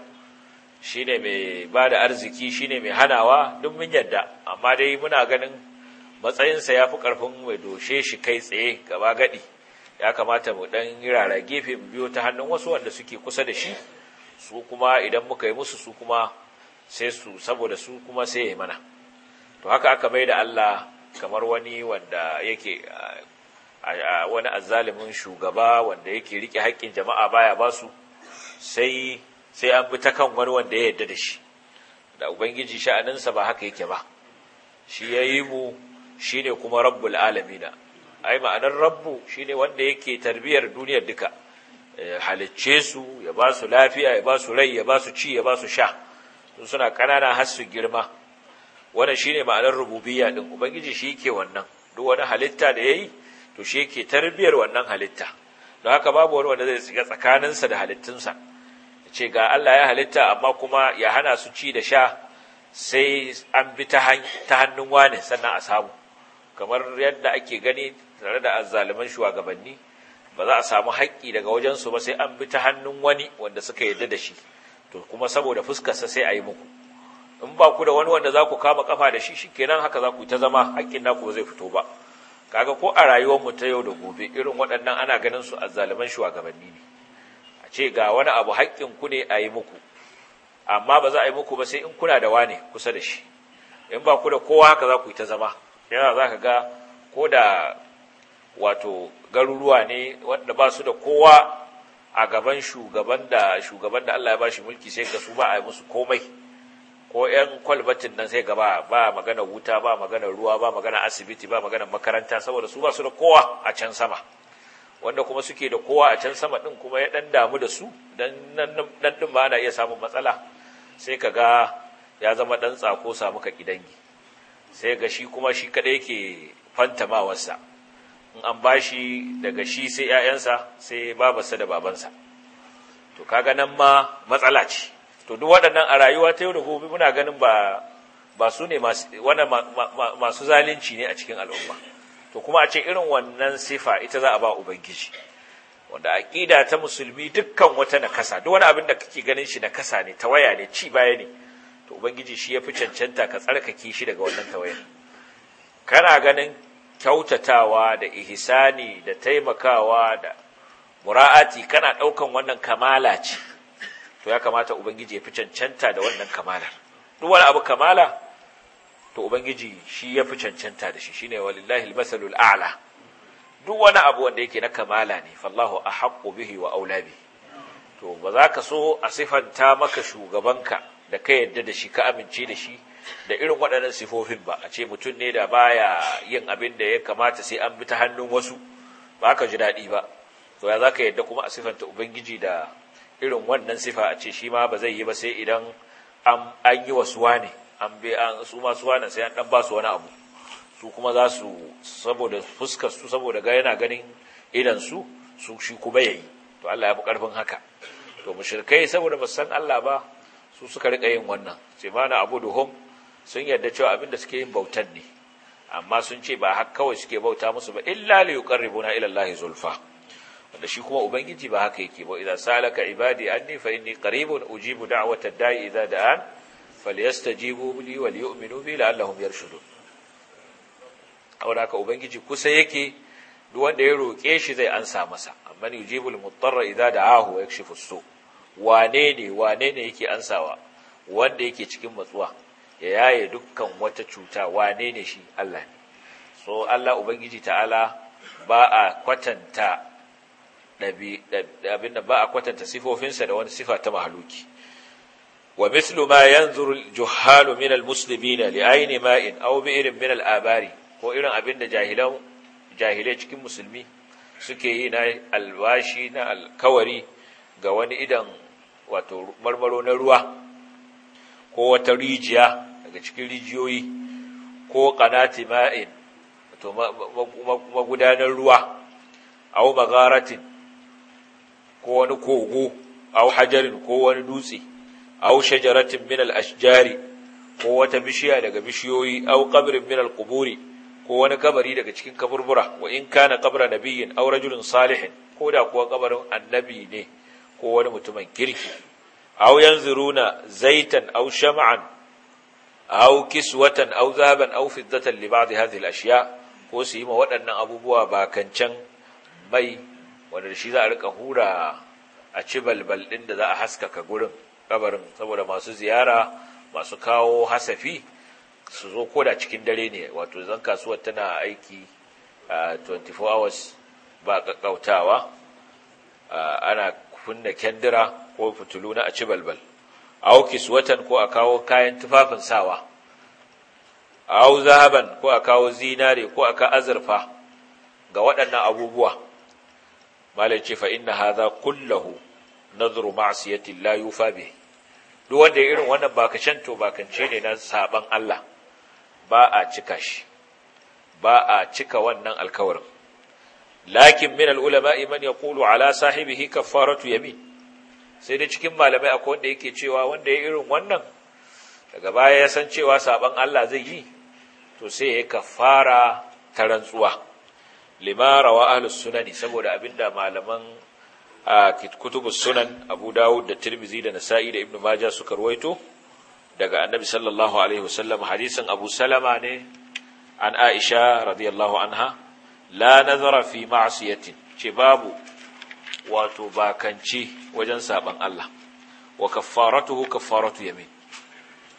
shine mai bada arziki shine mai hanawa duk mun yadda amma dai muna ganin matsayinsa ya fi ƙarfin mai doshe shi kai tsaye gaba gadi ya kamata mu ɗan rara gefe mu biyo ta hannun wasu wanda suke kusa da shi su kuma idan muka yi musu su kuma sai su saboda su kuma sai ya mana to haka aka bai da Allah kamar wani wanda yake wani azzalimin shugaba wanda yake rike haƙƙin jama'a baya ba su sai sai an bi ta kan wani wanda ya yadda da shi da ubangiji sha'aninsa ba haka yake ba shi ya yi mu shi ne kuma rabbul alamina ai ma'anar rabbu shi ne wanda yake tarbiyar duniyar duka halicce su ya ba su lafiya ya ba su rai ya ba su ci ya ba su sha sun suna kanana har su girma wannan shine ma'anar rububiyya din ubangiji shi yake wannan duk wani halitta da yayi to shi yake tarbiyar wannan halitta don haka babu wani wanda zai shiga sa da sa ce ga Allah ya halitta amma kuma ya hana su ci da sha sai an bi ta hannun wani sannan a samu kamar yadda ake gani tare da azzaluman shugabanni ba za a samu haƙƙi daga wajen su ba sai an bi ta hannun wani wanda suka yarda da shi to kuma saboda fuskarsa sai a yi muku in ba ku da wani wanda za ku kama kafa da shi shikenan haka za ku ta zama haƙƙin naku zai fito ba kaga ko a rayuwar mu ta yau da gobe irin waɗannan ana ganin su a azzaluman shugabanni ne a ce ga wani abu hakkin ku ne a yi muku amma ba za a yi muku ba sai in kuna da wane kusa da shi in ba ku da kowa haka za ku yi ta zama yana za ka ga ko da wato garuruwa ne wanda ba su da kowa a gaban shugaban da shugaban da Allah ya ba shi mulki sai ga su ba a yi musu komai ko ƴan kwalbatin nan sai gaba ba magana wuta ba magana ruwa ba magana asibiti ba magana makaranta saboda su ba su da kowa a can sama wanda kuma suke da kowa a can sama din kuma ya dan damu da su dan dan din ba ana iya samun matsala sai ka ga ya zama dan tsako samu ka kidangi sai ga shi kuma shi kada yake fantamawarsa in an shi daga shi sai ‘ya'yansa sai babarsa da babansa to ka ganin ma matsala ce to duk waɗannan a rayuwa ta yau da gobe muna ganin ba su ne masu zalunci ne a cikin al'umma to kuma a ce irin wannan sifa ita za a ba ubangiji wanda aƙida ta musulmi dukkan wata na kasa, duk wani abin da kake ganin shi na kasa ne tawaya ne ci baya ne to ubangiji shi ya fi cancanta ka tsarkake shi daga wannan tawayar kana ganin kyautatawa da ihsani da taimakawa da mura'ati kana ɗaukan wannan kamala ce to ya kamata ubangiji ya fi cancanta da wannan kamalar duk wani abu kamala to ubangiji shi ya fi cancanta da shi shine walillahi masalul a'la duk wani abu wanda yake na kamala ne fallahu ahaqqu bihi wa aula bi to ba za ka so a sifanta maka shugabanka da ka yarda da shi ka amince da shi da irin waɗannan sifofin ba a ce mutum ne da baya yin abin da ya kamata sai an bi ta hannun wasu ba ka ji daɗi ba to ya za ka yadda kuma a sifanta ubangiji da irin wannan sifa a ce shi ma ba zai yi ba sai idan an yi wasu ne an bi an su ma suwa sai an ɗan ba su wani abu su kuma za su saboda fuskar su saboda ga yana ganin idan su su shi kuma yayi to Allah ya fi karfin haka to mushrikai saboda ba san Allah ba su suka rika yin wannan sai mana abuduhum sun yarda cewa abin da suke yin bautan ne amma sun ce ba haka kawai suke bauta musu ba illa li yuqarribuna ila Allah zulfa wanda shi kuma ubangiji ba haka yake ba idan salaka ibadi anni fa inni qaribun ujibu da'wata da'i idza da'an falyastajibu li wal yu'minu bi la'allahum yarshudun auraka ubangiji kusa yake duk wanda ya roke shi zai ansa masa amma yujibul mutarra idza da'ahu wa yakshifu su wane ne wane ne yake ansawa wanda yake cikin matsuwa ya yaye dukkan wata cuta wane ne shi Allah ne so Allah ubangiji ta'ala ba a kwatanta abinda ba a kwatanta sifofinsa da wani sifa ta mahaluki wa mislu ma yanzuru juhalu min almuslimina li ayni ma'in aw irin min al'abari ko irin abinda jahilan jahilai cikin musulmi suke yi na alwashi na alkawari ga wani idan wato marmaro na ruwa ko wata rijiya daga cikin rijiyoyi ko qanati ma'in to magudanar ruwa au magaratin ko wani kogo au hajarin ko wani dutse au shajaratin min al-ashjari ko wata bishiya daga bishiyoyi au qabrin min kuburi, ko wani kabari daga cikin kaburbura wa in kana qabra nabiyyin aw rajulin salihin ko da kuwa kabarin annabi ne ko wani mutumin kirki aw yanzuruna zaitan aw hau aw kiswatan aw zahaban aw fiddatan li ba'd hadhihi al-ashya ko su yi ma waɗannan abubuwa ba kancan mai wanda shi za a rika hura a ci balbal din da za a haskaka gurin kabarin saboda masu ziyara masu kawo hasafi su zo ko da cikin dare ne wato zan kasuwar tana aiki 24 hours ba kakkautawa ana kunna kendira ko fitulu na a ci balbal A aw suwatan ko a kawo kayan tufafin sawa hau zahaban ko a kawo zinare ko a ka azurfa ga waɗannan abubuwa malam ce fa inna haza kullahu nadhru ma'siyati la yufa bihi duk wanda ya irin wannan bakacen to bakance ne na saban Allah ba a cika shi ba a cika wannan alkawarin lakin min al-ulama man yaqulu ala sahibihi kaffaratu yamin sai dai cikin malamai akwai wanda yake cewa wanda ya irin wannan daga baya ya san cewa saban Allah zai yi to sai ya kafara ta rantsuwa limara rawa ahlus sunani saboda abinda malaman a kitkutubus sunan Abu Dawud da Tirmidhi da Nasa'i da Ibn Majah suka ruwaito daga Annabi sallallahu alaihi wasallam hadisin Abu Salama ne an Aisha radiyallahu anha la nazara fi ma'siyatin ce babu wato bakanci wajen saban Allah wa kaffaratuhu kaffaratu yamin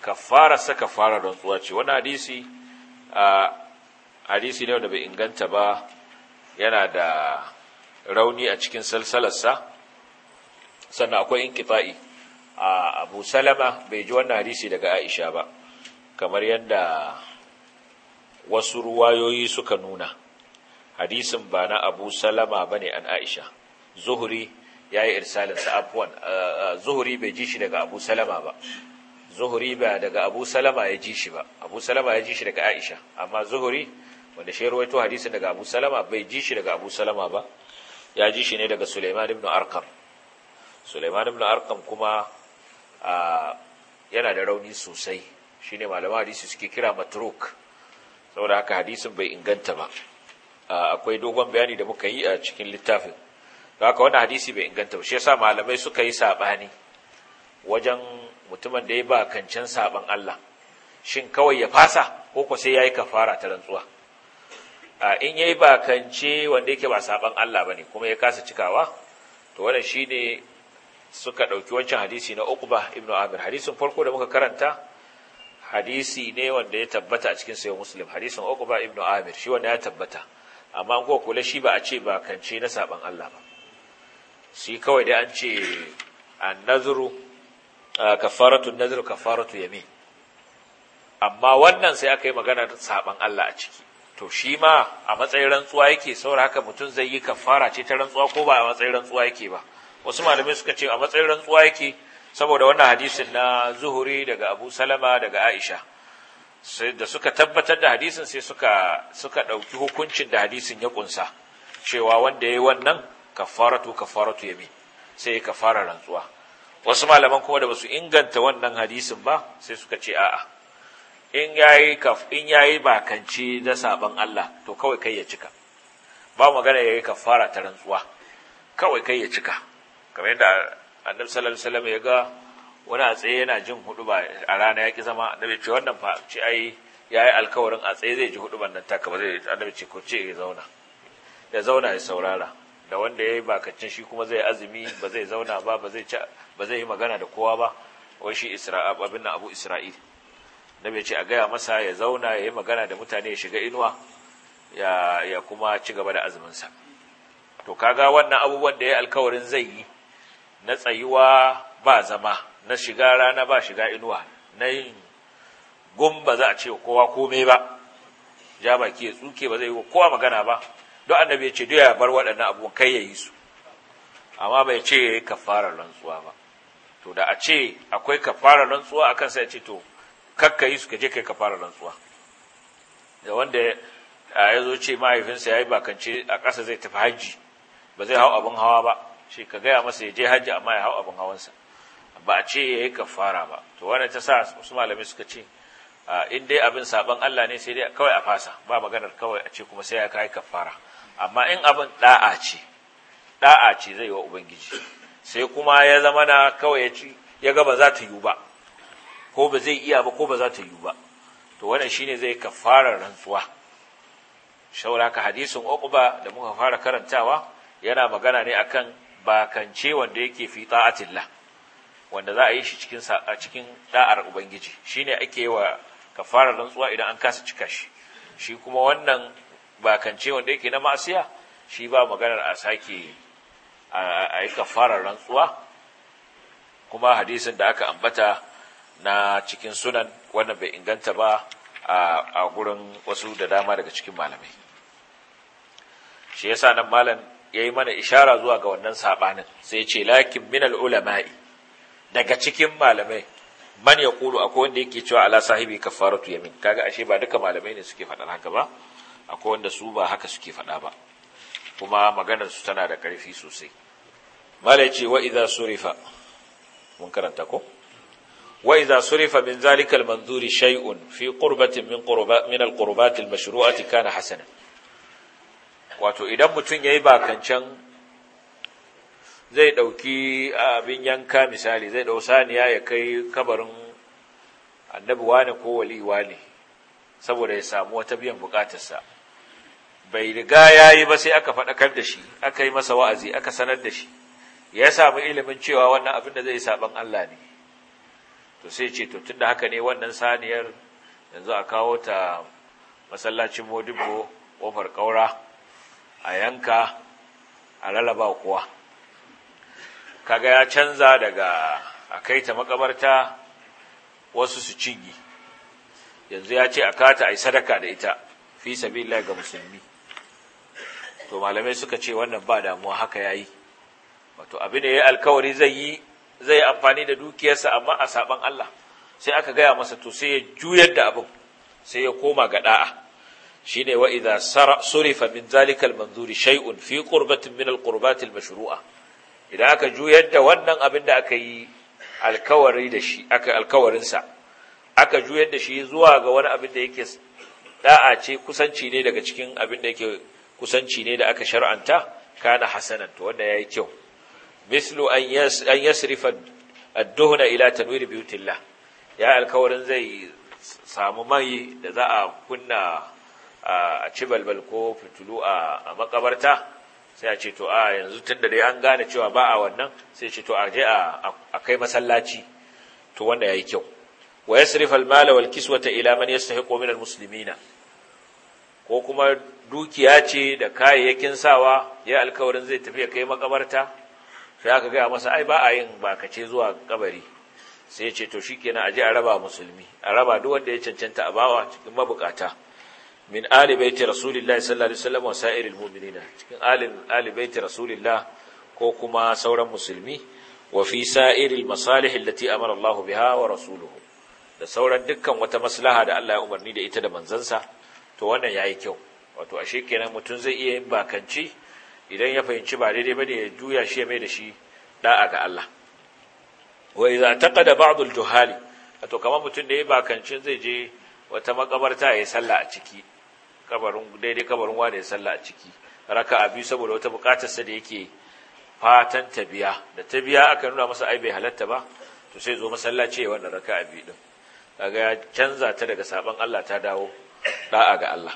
kaffara sa kaffara rantsuwa ce wani hadisi a hadisi ne da bai inganta ba yana da rauni a cikin salsalarsa sannan akwai inqita'i a Abu Salama bai ji wannan hadisi daga Aisha ba kamar yadda wasu ruwayoyi suka nuna hadisin ba na Abu Salama bane an Aisha zuhuri ya yi irsalin sa uh, uh, zuhuri bai ji shi daga abu salama ba zuhuri ba daga abu salama ya ji shi ba abu salama ya ji shi daga aisha amma zuhuri wanda shi ruwaito hadisin daga abu salama bai ji shi daga abu salama ba ya ji shi ne daga suleiman ibn arkam suleiman ibn arkam kuma uh, yana da rauni sosai shine malaman hadisi suke kira matruk saboda haka hadisin bai inganta ba akwai dogon bayani da muka yi a cikin littafin ga haka wani hadisi bai inganta shi yasa malamai suka yi sabani wajen mutumin da ya ba kancan saban Allah shin kawai ya fasa ko ko sai yayi kafara ta rantsuwa a in yayi ba kance wanda yake ba saban Allah bane kuma ya kasa cikawa to wannan shine suka dauki wancan hadisi na Uqba ibn Amir hadisin farko da muka karanta hadisi ne wanda ya tabbata a cikin sayyid Muslim hadisin Uqba ibn Amir shi wanda ya tabbata amma an ko kula shi ba a ce ba kance na saban Allah ba shi kawai dai an ce annazuru kafaratu nazuru kafaratu yamin amma wannan sai aka yi maganar saban Allah a ciki to shi ma a matsayin rantsuwa yake saura haka mutum zai yi kafara ce ta rantsuwa ko ba a matsayin rantsuwa yake ba wasu malamai suka ce a matsayin rantsuwa yake saboda wannan hadisin na zuhuri daga abu salama daga aisha da suka tabbatar da hadisin sai suka suka ɗauki hukuncin da hadisin ya kunsa cewa wanda yayi wannan kafaratu kafaratu yamin sai kafara rantsuwa wasu malaman kuma da basu inganta wannan hadisin ba sai suka ce a'a in yayi kaf in yayi bakanci da saban Allah to kawai kai ya cika ba magana yayi kafara ta rantsuwa kawai kai ya cika kamar yadda annabi sallallahu alaihi wasallam ya ga wani a tsaye yana jin hudu ba a rana ya zama annabi ce wannan fa ce ai yayi alkawarin a tsaye zai ji hudu ban nan taka ba zai annabi ce ko ce ya zauna ya zauna ya saurara da wanda ya yi bakacin shi kuma zai azumi ba zai zauna ba ba zai yi magana da kowa ba wai shi isra'ab abin abu isra'il bai ce a gaya masa ya zauna ya yi magana da mutane ya shiga inuwa ya kuma ci gaba da azuminsa to kaga wannan abubuwan da ya alkawarin zai yi na tsayuwa ba zama na shiga rana ba shiga inuwa na yin gum ba za a ce kowa komai ba ja baki ya tsuke ba zai yi kowa magana ba duk annabi ya ce duk ya bar waɗannan abubuwan kai ya yi su amma bai ce ya yi kafara rantsuwa ba to da a ce akwai kafara rantsuwa akan sai ya ce to kakka yi su ka je kai kafara rantsuwa da wanda ya zo ce mahaifinsa ya yi bakance a ƙasa zai tafi hajji ba zai hau abin hawa ba shi ka gaya masa ya je hajji amma ya hau abin hawansa ba a ce ya yi kafara ba to wannan ta sa su malami suka ce in dai abin saban Allah ne sai dai kawai a fasa ba maganar kawai a ce kuma sai ya kai kafara amma in abin ɗa'a ce da'a ce zai yi wa ubangiji sai kuma ya zama na kawai ya ci ya ga ba za ta yi ba ko ba zai iya ba ko ba za ta yi ba to wannan shine zai ka fara rantsuwa shauraka hadisin uqba da muka fara karantawa yana magana ne akan bakance wanda yake fi ta'atillah wanda za a yi shi cikin a cikin da'ar ubangiji shine ake wa kafarar rantsuwa idan an kasa cika shi shi kuma wannan bakance wanda yake na masiya shi ba maganar a sake a yi kafarar rantsuwa kuma hadisin da aka ambata na cikin sunan wannan bai inganta ba a gurin wasu da dama daga cikin malamai shi yasa nan malam ya yi mana ishara zuwa ga wannan sabanin sai ce lakin min ulama'i daga cikin malamai man ya kulu akwai wanda yake cewa ala sahibi kafaratu yamin kaga ashe ba duka malamai ne suke faɗar haka ba akwai wanda su ba haka suke faɗa ba kuma maganar su tana da ƙarfi sosai malai ce wa idza surifa mun karanta ko wa idza surifa min zalika al-manzuri shay'un fi qurbatin min qurba min al-qurbat kana hasana wato idan mutun yayi bakancan zai dauki abin yanka misali zai dau saniya ya kai kabarin annabi wane ko wali saboda ya samu wata biyan bukatarsa bai riga ya yi ba sai aka faɗakar da shi aka yi masa wa'azi aka sanar da shi ya samu ilimin cewa wannan abin da zai saban Allah ne to sai ce to da haka ne wannan saniyar yanzu a kawo ta masallacin modibbo ƙofar ƙaura a yanka a lalaba kuwa kaga ya canza daga a kai ta makabarta wasu su cinye yanzu ya ce a kata a yi sadaka da ita fi sabilillah ga musulmi to malamai suka ce wannan ba damuwa haka yayi wato abin da yayi alkawari zai yi zai amfani da dukiyarsa amma a saban Allah sai aka gaya masa to sai ya juyar da abin sai ya koma ga da'a shine wa idza surifa min zalika manzuri shay'un fi qurbatin min al mashrua idan aka juyar da wannan abin da aka yi alkawari da shi aka alkawarin sa aka juyar da shi zuwa ga wani abin da yake da'a ce kusanci ne daga cikin abin da yake kusanci ne da aka shar'anta kana hasanan to wanda yayi kyau mislu an yas an yasrifa ad-duhna ila tanwir biyutillah ya alkawarin zai samu mai da za a kunna a ci balbal ko fitulu a makabarta sai a ce to a yanzu tunda da dai an gane cewa ba a wannan sai ce to a je a kai masallaci to wanda ya kyau wa yasrif al-mala wal kiswata ila man yastahiqu min al ko kuma dukiya ce da kayayyakin sawa ya alkawarin zai tafi ya kai makabarta sai aka gaya masa ai ba a yin ce zuwa kabari sai ya ce to shi kenan a raba musulmi a raba duk wanda ya cancanta a bawa cikin mabukata min ali baiti rasulillahi sallallahu alaihi wasallam wa sa'iril mu'minina cikin ali ali baiti rasulillah ko kuma sauran musulmi wa fi sa'iril masalih allati amara biha wa rasuluhu da sauran dukkan wata maslaha da Allah ya umarni da ita da manzansa to wannan yayi kyau wato ashe kenan mutum zai iya yin bakanci idan ya fahimci ba daidai bane ya juya shi ya mai da shi da'a ga Allah wa idza taqada ba'd al-juhali wato kamar mutum da ya bakancin zai je wata makabarta ya yi sallah a ciki kabarin daidai kabarin wanda ya sallah a ciki raka'a biyu saboda wata bukatar sa da yake fatan tabiya da tabiya aka nuna masa ai bai halatta ba to sai zo masallaci ya wannan raka'a biyu din kaga ya canza ta daga saban Allah ta dawo da'a ga Allah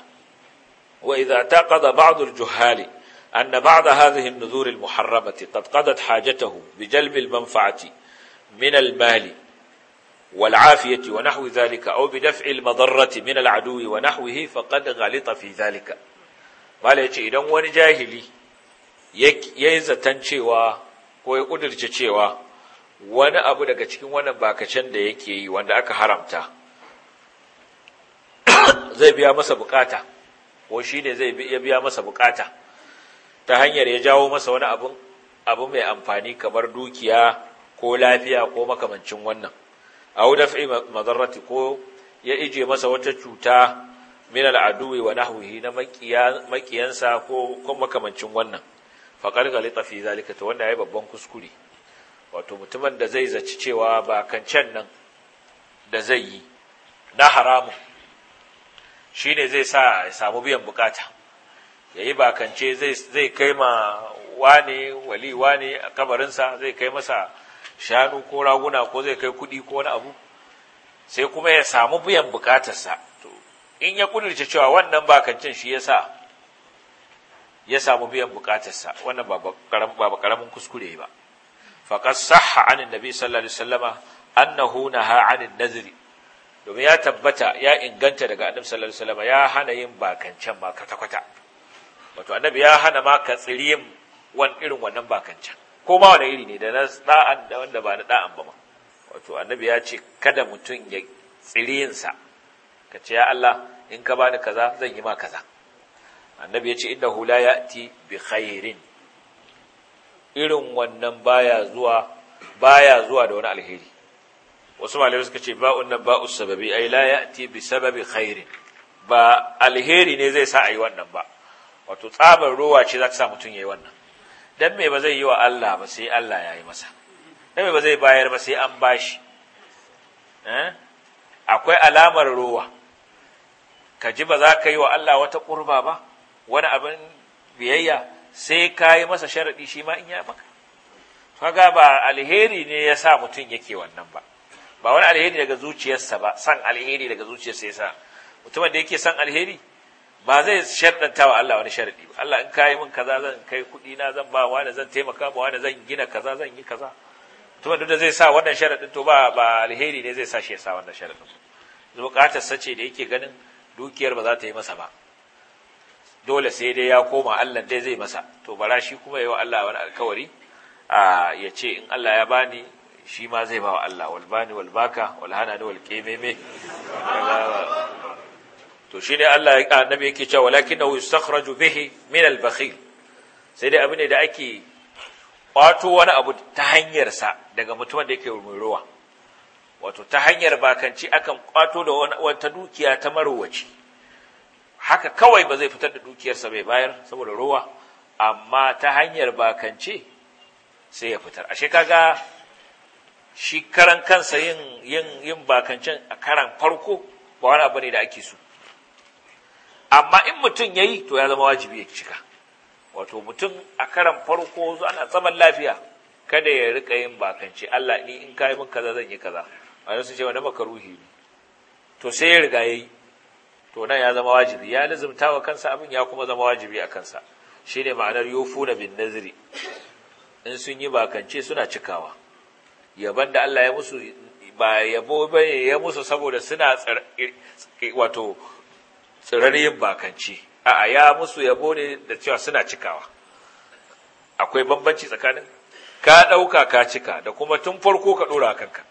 wa idza taqada ba'd al-juhali an ba'd hadhihi an-nuzur al-muharramati qad qadat hajatahu bi jalb al-manfaati min al-mal wal-'afiyati wa nahwi dhalika aw bi daf'i al-madarrati min al-'aduwi wa nahwihi faqad ghalita fi dhalika mal yace idan wani jahili yayi zaton cewa ko ya kudirce cewa wani abu daga cikin wannan bakacen da yake yi wanda aka haramta zai biya masa bukata ko shi ne zai biya masa bukata ta hanyar ya jawo masa wani abu mai amfani kamar dukiya ko lafiya ko makamancin wannan a wudafi mazarrati ko ya ije masa wata cuta min al'aduwi wa nahuhi na makiyansa ko makamancin wannan faƙar galita fi zalika ta wanda ya yi babban kuskure wato mutumin da zai zaci cewa ba can nan da zai yi na haramun shi ne zai sa ya samu biyan bukata ya yi bakance zai kai ma wane wali wane a kabarinsa zai kai masa shanu ko raguna ko zai kai kudi ko wani abu sai kuma ya samu biyan bukatarsa in ya kudurce cewa wannan bakancin shi ya sa ya samu biyan bukatarsa wannan ba karamin kuskure ba faqad saha, an Nabi sallallahu alaihi wasallama annahu naha an an domin ya tabbata ya inganta daga annabi sallallahu alaihi wasallama ya hana yin bakancan ma kwata kwata wato annabi ya hana ma ka tsiriyin wan irin wannan bakancan ko ma wani iri ne da na da'an da wanda ba na da'an ba ma wato annabi ya ce kada mutum ya tsiriyinsa ka ce ya Allah in ka bani kaza zan yi ma kaza annabi ya ce innahu la ya'ti bi khairin irin wannan baya zuwa baya zuwa da wani alheri wasu malamai suka ce ba'un nan ba'u sababi ai la ya'ti bi sababi khairin ba alheri ne zai sa a yi wannan ba wato tsabar ruwa ce za ta sa mutum ya yi wannan dan me ba zai yi wa Allah ba sai Allah ya yi masa dan me ba zai bayar ba sai an bashi eh akwai alamar ruwa. ka ji ba za ka yi wa Allah wata ƙurba ba wani abin biyayya sai ka yi masa sharaɗi shi ma in ya maka kaga ba alheri ne ya sa mutum yake wannan ba ba wani alheri daga zuciyarsa ba san alheri daga zuciyarsa ya sa mutumin da yake san alheri ba zai sharɗanta wa Allah wani sharaɗi ba Allah in kayi min kaza zan kai kuɗi na zan ba wani zan taimaka ba wani zan gina kaza zan yi kaza mutum da zai sa wannan sharaɗin to ba ba alheri ne zai sa shi ya sa wannan sharaɗin ƙatar sace da yake ganin dukiyar ba za ta yi masa ba dole sai dai ya koma Allah dai zai masa to bara shi kuma yi wa Allah wani alkawari a ya ce in Allah ya bani shi ma zai ba wa Allah wal bani wal baka wal wal to shine Allah ya annabi yake cewa walakinahu yustakhraju bihi min al sai dai abin da ake kwato wani abu ta hanyar daga mutumin da yake ruwa wato ta hanyar bakanci akan kwato da wata dukiya ta marowaci haka kawai ba zai fitar da dukiyarsa bai bayar saboda ruwa? amma ta hanyar bakance sai ya fitar ashe kaga shi karan kansa yin yin yin a karan farko ba wani abu ne da ake so amma in mutum yayi to ya zama wajibi ya cika wato mutum a karan farko ana tsaman lafiya kada ya rika yin bakance Allah ni in kai min kaza zan yi kaza a sun ce wanda makaruhi ne to sai ya riga yayi to nan ya zama wajibi ya lazumta wa kansa abin ya kuma zama wajibi a kansa Shi ne ma'anar yufuna bin naziri. in sun yi bakance suna cikawa yaban da Allah ya musu ba yabo ba ya musu saboda suna wato tsirar yin bakance a'a ya musu yabo ne da cewa suna cikawa akwai bambanci tsakanin ka ɗauka ka cika da kuma tun farko ka ɗora kanka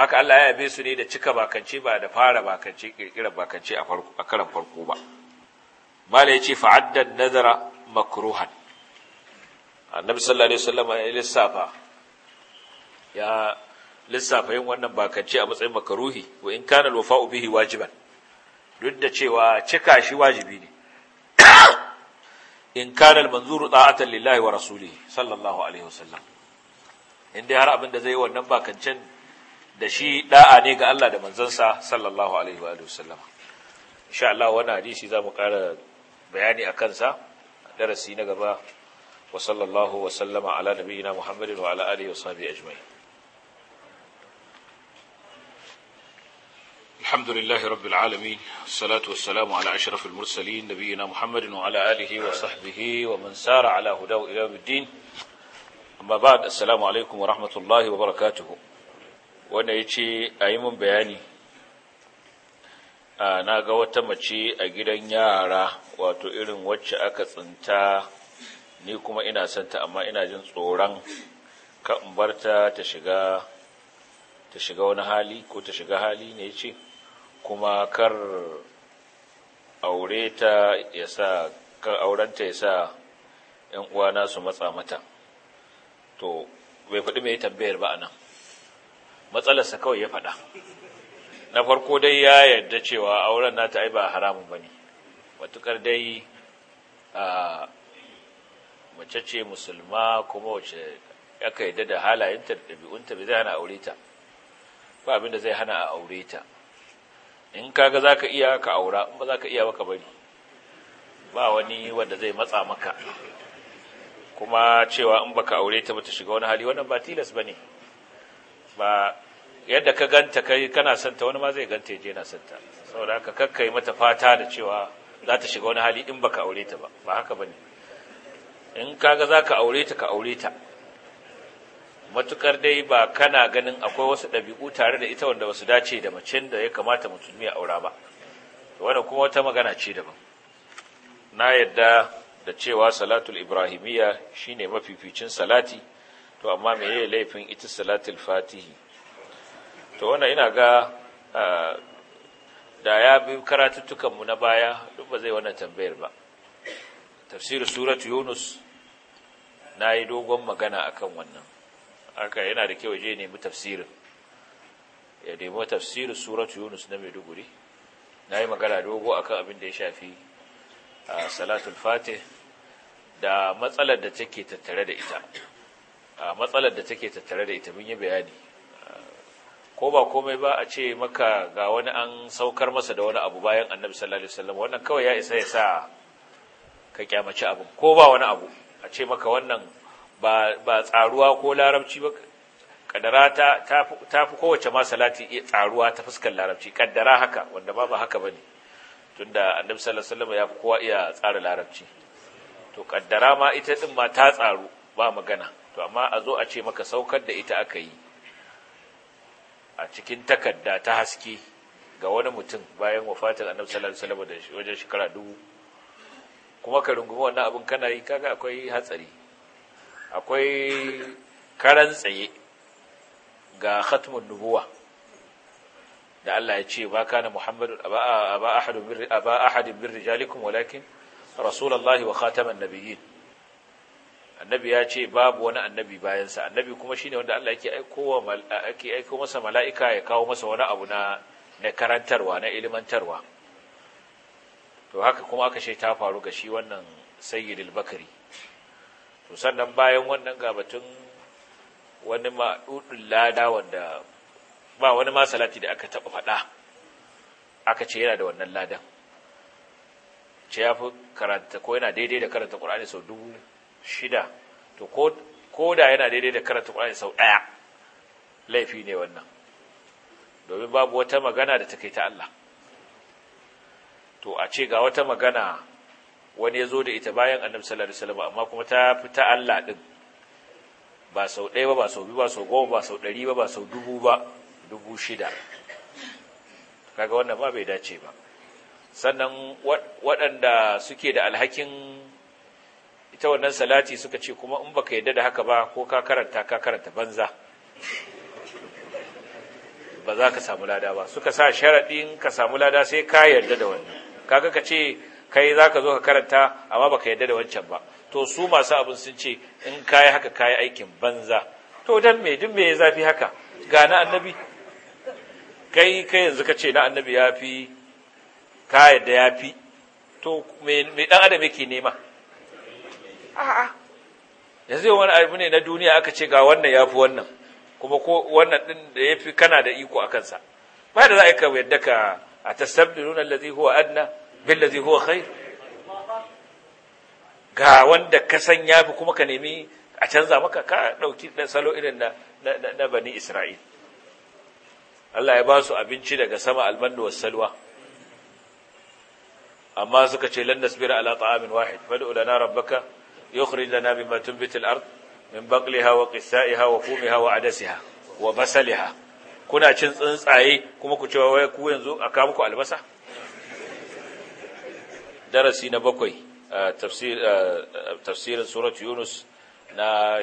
haka Allah ya yabe su ne da cika bakanci ba da fara bakanci kirkirar bakance a farko a karan farko ba mala yace fa'addan nazara makruhan annabi sallallahu alaihi wasallam ya lissafa ya lissafa yin wannan bakanci a matsayin makaruhi wa in kana alwafa'u bihi wajiban duk da cewa cika shi wajibi ne in kana almanzuru ta'atan lillahi wa rasulihi sallallahu alaihi wasallam in dai har abin da zai yi wannan bakancen da shi da'a ne ga Allah da manzansa sallallahu alaihi wa sallam insha Allah wannan hadisi mu ƙara bayani a kansa darasi na gaba wa sallallahu wa sallama ala nabiyyina Muhammadin wa ala alihi wa sahbihi ajma'in الحمد لله رب العالمين والصلاة والسلام على أشرف المرسلين نبينا محمد وعلى آله وصحبه ومن سار على هداه إلى الدين أما بعد السلام عليكم ورحمة الله وبركاته wanda ya ce a yi min bayani a na ga wata mace a gidan yara wato irin wacce aka tsinta ni kuma ina santa amma ina jin tsoron ka in ta shiga ta shiga wani hali ko ta shiga hali ne ce kuma kar aure ta ya sa kan aurenta ya sa ‘yan uwana su matsa mata to bai faɗi mai tambayar ba a nan matsalarsa kawai ya faɗa na farko dai ya yarda cewa auren nata ai ba haramun bane matukar dai a mace ce musulma kuma wace aka yadda da halayenta da ɗabi'unta bai zai hana aure ta ba abin da zai hana a aure ta in kaga zaka iya ka aura in ba zaka iya baka bari ba wani wanda zai matsa maka kuma cewa in baka aure ta bata shiga wani hali wannan ba tilas ba ne. ba yadda ka ganta kai kana santa wani ma zai ganta je na santa saboda haka kakka yi mata fata da cewa za ta shiga wani hali in baka aure ta ba ba haka bane in kaga za ka aure ta ka aure ta matukar dai ba kana ganin akwai wasu ɗabi'u tare da ita wanda wasu dace da macen da ya kamata mutum ya aura ba wannan kuma wata magana ce daban na yadda da cewa salatul ibrahimiyya shine mafificin salati to amma me ya laifin ita salatul fatihi to wannan ina ga da ya bi karatuttukan na baya duk ba zai wannan tambayar ba tafsir suratu yunus na yi dogon magana akan wannan haka yana da kyau je nemi tafsirin ya nemi tafsir suratu yunus na mai maiduguri yi magana dogo akan abin da ya shafi salatul fatih da matsalar da take tattare da ita matsalar da take tattare da ita mun yi bayani ko ba komai ba a ce maka ga wani an saukar masa da wani abu bayan annabi sallallahu alaihi wasallam wannan kawai ya isa ya sa ka kyamaci abu ko ba wani abu a ce maka wannan ba ba tsaruwa ko larabci ba kaddara ta ta fi kowace ma salati tsaruwa ta fuskar larabci kaddara haka wanda ba ba haka bane tunda annabi sallallahu alaihi wasallam ya fi kowa iya tsara larabci to kaddara ma ita din ma ta tsaru ba magana to amma a zo a ce maka saukar da ita aka yi a cikin takarda ta haske ga wani mutum bayan wafatar annabi sallallahu alaihi wasallam da wajen shekara dubu kuma ka rungumi wannan abin kana yi kaga akwai hatsari akwai karan tsaye ga khatmun nubuwa da Allah ya ce ba kana muhammadu ba ahadun min rijalikum walakin rasulullahi wa khataman nabiyyin annabi ya ce babu wani annabi bayansa annabi kuma shine wanda Allah yake aikowa ake aiko masa mala'ika ya kawo masa wani abu na na karantarwa na ilmantarwa to haka kuma aka ce ta faru ga shi wannan sayyidul bakri to sannan bayan wannan ga batun wani dudun lada wanda ba wani ma salati da aka taba faɗa aka ce yana da wannan ladan ce ya fi karanta ko yana daidai da karanta ƙur'ani sau dubu shida to ko da yana daidai da karanta Qur'ani sau ɗaya laifi ne wannan domin babu wata magana da ta kai ta Allah to a ce ga wata magana wani ya zo da ita bayan annabi sallallahu alaihi wasallam amma kuma ta fi ta Allah ɗin, ba sau ɗaya ba ba sau biyu ba sau goma ba sau ɗari ba ba sau dubu ba dubu shida kaga wannan ba bai dace ba sannan waɗanda suke da alhakin ita wannan salati suka ce kuma in baka yadda da haka ba ko ka karanta ka karanta banza ba za ka samu lada ba suka sa sharaɗin ka samu lada sai ka yarda da wannan kaga ka ce kai za ka zo ka karanta amma baka yarda da wancan ba to su masu abin sun ce in ka yi haka ka yi aikin banza to dan me duk me ya zafi haka ga na annabi kai kai yanzu ka ce na annabi ya fi ka yarda ya fi to me dan adam yake nema a'a yanzu wani abu ne na duniya aka ce ga wannan ya fi wannan kuma ko wannan din da ya fi kana da iko a kansa ba da za a yi ka yadda ka a nuna allazi huwa adna bil ladzi huwa khair ga wanda ka san ya fi kuma ka nemi a canza maka ka ɗauki dan salo irin na na bani isra'il Allah ya ba su abinci daga sama almanu was salwa amma suka ce lan nasbira ala ta'amin wahid fad'u lana rabbaka يخرج لنا مما تنبت الأرض من بقلها وقثائها وفومها وعدسها وبسلها كنا تنسى أي كما ku cewa wai ku yanzu a kawo muku تفسير darasi na bakwai tafsir tafsirin surat yunus na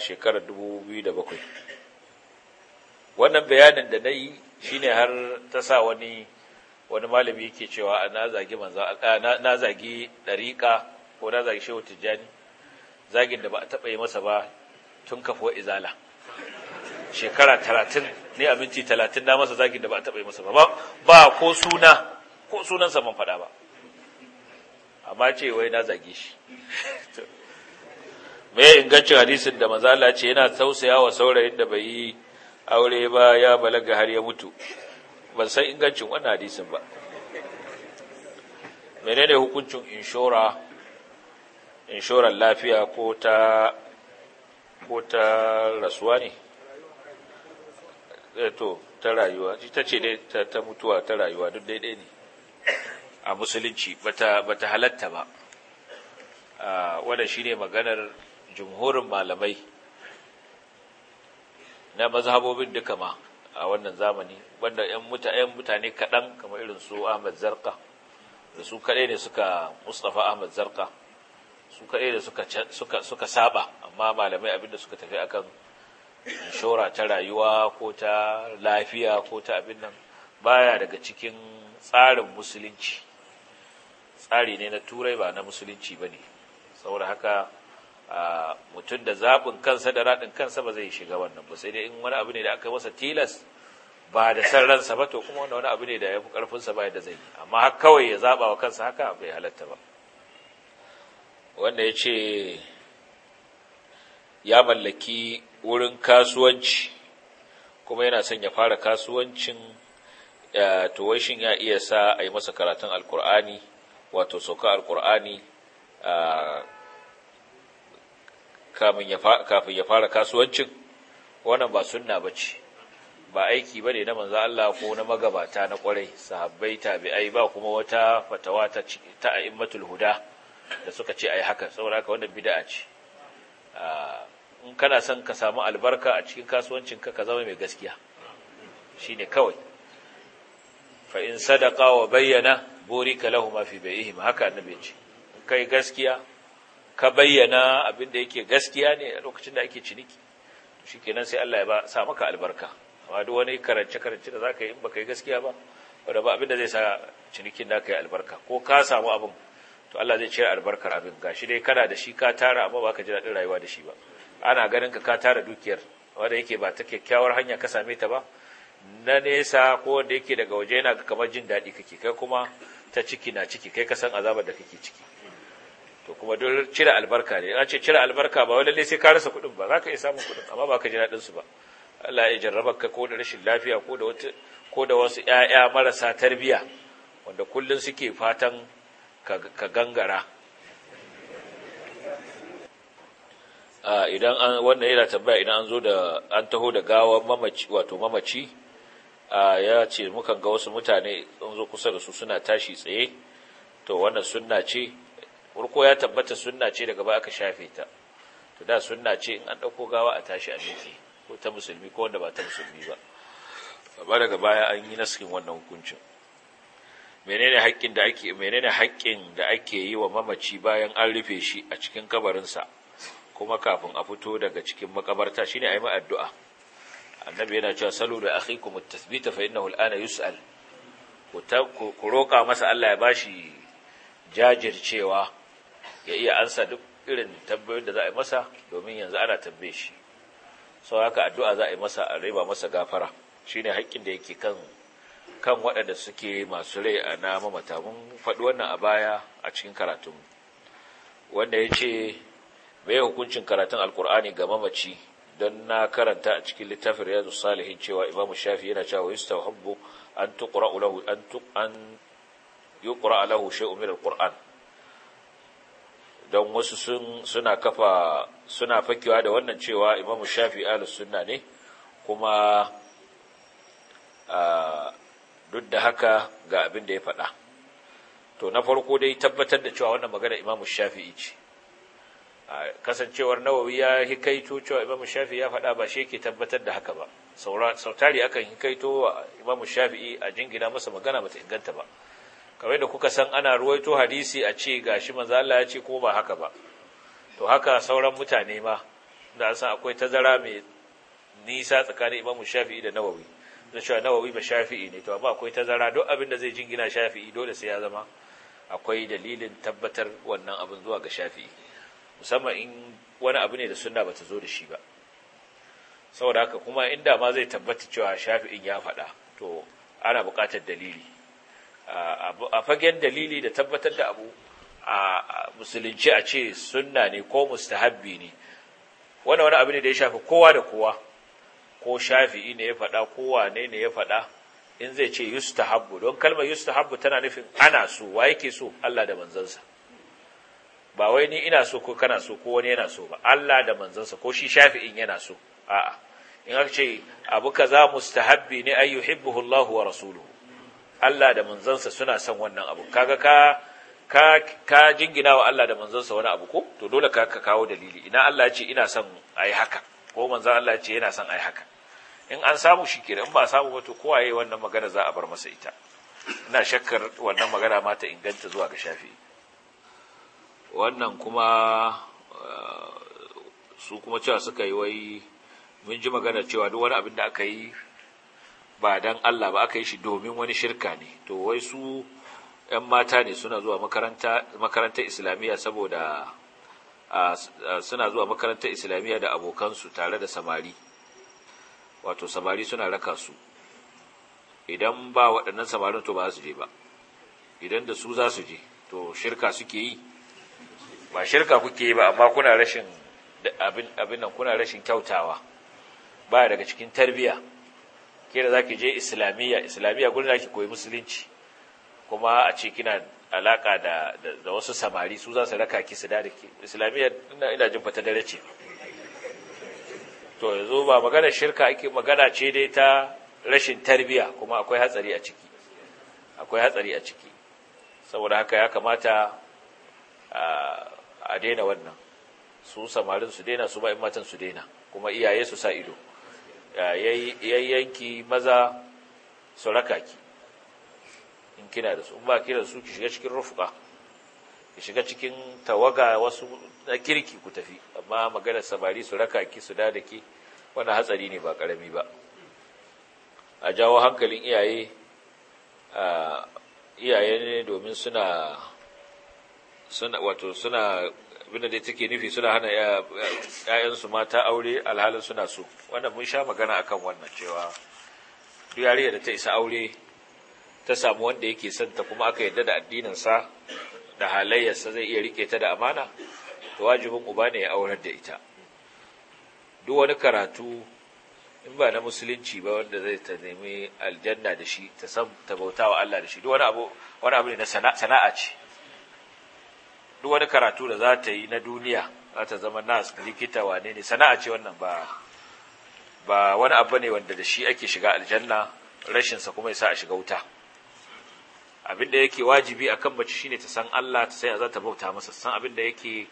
wannan bayanin da nayi shine har ta sa wani wani malami yake cewa na zagi manzo na zagi dariqa ko na zagi shehu tijjani zagin da ba a taɓa yi masa ba tun kafuwa izala shekara talatin ne a minti talatin na masa zagin da ba a taɓa yi masa ba ba ko suna ko sunansa saman faɗa ba amma ce wai na zage shi me ingancin hadisin da mazala ce yana tausaya wa saurayin da bai yi aure ba ya balaga har ya mutu ban san ingancin wannan hadisin ba menene hukuncin inshora inshorar lafiya ko ta ko rasuwa ne eh, to ta rayuwa ita ce dai ta, mutuwa ta rayuwa duk daidai ne a musulunci bata bata halatta ba ah, wannan shine maganar jumhurin malamai na mazhabobin duka ma a wannan zamani wanda ‘yan mutane kaɗan kamar irin su Ahmad Zarka da su kaɗai ne suka mustafa Ahmad Zarka su kaɗai da suka, saɓa saba amma malamai abinda suka tafi akan inshora ta rayuwa ko ta lafiya ko ta abin nan baya daga cikin tsarin musulunci tsari ne na turai ba na musulunci ba ne saboda haka mutum da zaɓin kansa da raɗin kansa ba zai shiga wannan ba sai dai in wani abu ne da aka masa tilas ba da san ransa ba to kuma wani abu ne da ya fi ƙarfinsa ba yadda zai yi amma kawai ya zaɓa wa kansa haka bai halatta ba wanda ya ce ya mallaki wurin kasuwanci kuma yana son ya fara kasuwancin tuwashin ya iya sa a yi masa karatun alkur'ani wato sauka alkur'ani kafin ya fara kasuwancin wannan ba sunna ba ce ba aiki ba ne na manzan Allah ko na magabata na kwarai sahabbai tabi'ai ba kuma wata fatawa ta a'immatul huda da suka ce ai haka saboda haka wannan bid'a ce ah, in kana son ka samu albarka a cikin kasuwancinka ka zama mai gaskiya shine kawai fa in sadaqa wa bayyana burika lahum fi bay'ihim haka annabi ce kai gaskiya ka bayyana abin da yake gaskiya ne a lokacin da ake ciniki shikenan sai Allah ya ba sa maka albarka amma duk wani karance karance da zaka yi in baka yi gaskiya ba wanda ba abin da zai sa cinikin ka yi albarka ko ka samu abin to Allah zai cire albarkar abin gashi dai kana da shi ka tara amma baka ji daɗin rayuwa da shi ba ana ganin ka ka tara dukiyar wanda yake ba ta kyakkyawar hanya ka same ta ba na nesa ko wanda yake daga waje yana kamar jin daɗi kake kai kuma ta ciki na ciki kai ka san azabar da kake ciki to kuma don cire albarka ne an ce cire albarka ba wai lalle sai ka rasa kuɗin ba za ka iya samun kuɗin amma ba ka ji daɗin su ba Allah ya jarraba ka ko da rashin lafiya ko da wata ko da wasu ƴaƴa marasa tarbiyya wanda kullun suke fatan ka gangara idan an wannan yana tambaya idan an zo da an taho da gawa mamaci wato mamaci ya ce mukan ga wasu mutane sun zo kusa da su suna tashi tsaye to wannan sunna ce urko ya tabbata sunna ce daga ba aka shafe ta to da sunna ce in an dauko gawa a tashi a miki ko ta musulmi ko wanda ba ta musulmi ba amma daga baya an yi naskin wannan hukuncin menene haƙƙin da ake menene haƙƙin da ake yi wa mamaci bayan an rufe shi a cikin kabarinsa kuma kafin a fito daga cikin makabarta shine ayi addu'a annabi yana cewa salu da akhikum at-tathbita fa innahu al-ana yus'al ku roƙa masa Allah ya bashi jajircewa ya iya ansa duk irin tambayoyin da za a yi masa domin yanzu ana tambaye shi sau haka addu'a za a yi masa a masa gafara shine haƙƙin da yake kan kan waɗanda suke masu rai a na mamata mun faɗi wannan a baya a cikin karatun wanda ya ce mai hukuncin karatun alkur'ani ga mamaci don na karanta a cikin littafin riyadu salihin cewa imam shafi yana cewa yusta hubbu an tuqra lahu an an yuqra lahu shay'un min alquran don wasu suna kafa suna fakewa da wannan cewa imam shafi ahlus sunna ne kuma ah, duk da haka ga abin da ya faɗa to na farko dai tabbatar da cewa wannan magana Imam shafi'i ce kasancewar nawawi ya hikaito cewa imamu shafi'i ya faɗa ba shi yake tabbatar da haka ba sautari akan hikaito imamu shafi'i a jingina masa magana bata inganta ba kamar da kuka san ana ruwaito hadisi a ce ga shi Allah ya ce ko ba haka ba to haka sauran mutane ma da san akwai tazara mai nisa tsakanin imamu shafi'i da nawawi na cewa nawawi ba shafi'i ne to amma akwai tazara duk abin da zai jingina shafi'i dole sai ya zama akwai dalilin tabbatar wannan abin zuwa ga shafi'i musamman in wani abu ne da sunna bata zo da shi ba saboda haka kuma inda ma zai tabbata cewa shafi'in ya faɗa to ana buƙatar dalili a fagen dalili da tabbatar da abu a musulunci a ce sunna ne ko mustahabbi ne wani abu ne da ya shafi kowa da kowa ko shafi'i ne ya faɗa ko wane ne ya faɗa in zai ce yustahabbu don kalmar yustahabbu tana nufin ana so wa yake so Allah da manzansa ba wai ni ina so ko kana so ko wani yana so ba Allah da manzansa ko shi shafi'in yana so a'a in aka ce abu kaza mustahabbi ne ay yuhibbuhu Allah wa rasuluhu Allah da manzansa suna son wannan abu kaga ka ka ka jingina wa Allah da manzansa wani abu ko to dole ka ka kawo dalili ina Allah ya ce ina son ayi haka ko manzon Allah ya ce yana son ayi haka in an samu shi kenan ba a samu ba to kowa yayi wannan magana za a bar masa ita ina shakkar wannan magana ma ta inganta zuwa ga shafi wannan kuma eh, su kuma cewa suka yi wai mun ji magana cewa duk wani abin da aka yi ba dan Allah ba aka yi shi domin wani shirka ne to wai su ‘yan mata ne suna zuwa makaranta islamiyya saboda ah, suna zuwa makarantar islamiyya da abokansu tare da samari wato samari suna raka su idan ba waɗannan samarin to ba su je ba idan da su za su je to shirka suke yi ba shirka kuke yi ba amma kuna rashin abin nan kuna rashin kyautawa ba daga cikin tarbiya kira za ki je islamiyya islamiyya gudun da ki koyi musulunci kuma a ce kina alaka da wasu samari su za su raka ki su da ke islamiyya ina jin fata dare ce to yanzu ba magana shirka ake magana ce dai ta rashin tarbiya kuma akwai hatsari a ciki akwai hatsari a ciki saboda haka ya kamata a daina wannan su samarin su daina su ba'in matan su daina kuma iyaye su sa ido yayyanki maza su raka ki in kina da su in ba kira su ki shiga cikin rufuka ki shiga cikin tawaga wasu na kirki ku tafi amma maganar samari su raka ki su da ki wani hatsari ne ba karami ba a jawo hankalin iyaye iyaye ne domin suna wato suna abinda dai take nufi suna hana ‘ya'yansu mata aure alhalin suna so wannan mun sha magana akan wannan cewa duk yariya da ta isa aure ta samu wanda yake son ta kuma aka yarda da addininsa da halayyarsa zai iya rike ta da amana to wajibin uba ne ya aurar da ita duk wani karatu in ba na musulunci ba wanda zai ta nemi aljanna da shi ta san ta bauta wa Allah da shi duk wani abu wani abu ne na sana'a ce duk wani karatu da za ta yi na duniya za ta zama nas likita wane ne sana'a ce wannan ba ba wani abu ne wanda da shi ake shiga aljanna rashinsa kuma ya sa a shiga wuta abin da yake wajibi a kan mace shine ta san Allah ta san za ta bauta masa san abin da yake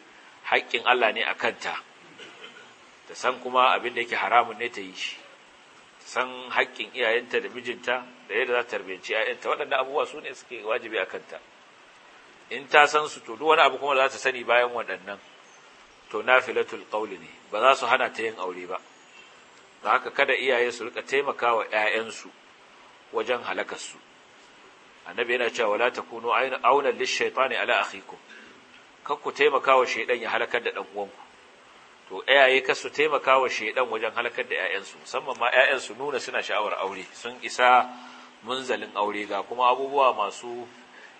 haƙƙin Allah ne a kanta ta san kuma abin da yake haramun ne ta yi shi ta san haƙƙin iyayenta da mijinta da yadda za ta tarbiyanci iyayenta waɗannan abubuwa su ne suke wajibi a kanta in ta san su to duk wani abu kuma za ta sani bayan waɗannan to nafilatul qawli ne ba za su hana ta yin aure ba da haka kada iyaye su rika taimakawa 'ya'yansu wajen halakarsu su annabi yana cewa wala takunu auna lish-shaytani ala akhikum kar ku taimaka wa shaydan ya halakar da dan uwanku to iyaye kar su taimaka wa shaydan wajen halakar da 'ya'yansu? musamman ma su nuna suna sha'awar aure sun isa munzalin aure ga kuma abubuwa masu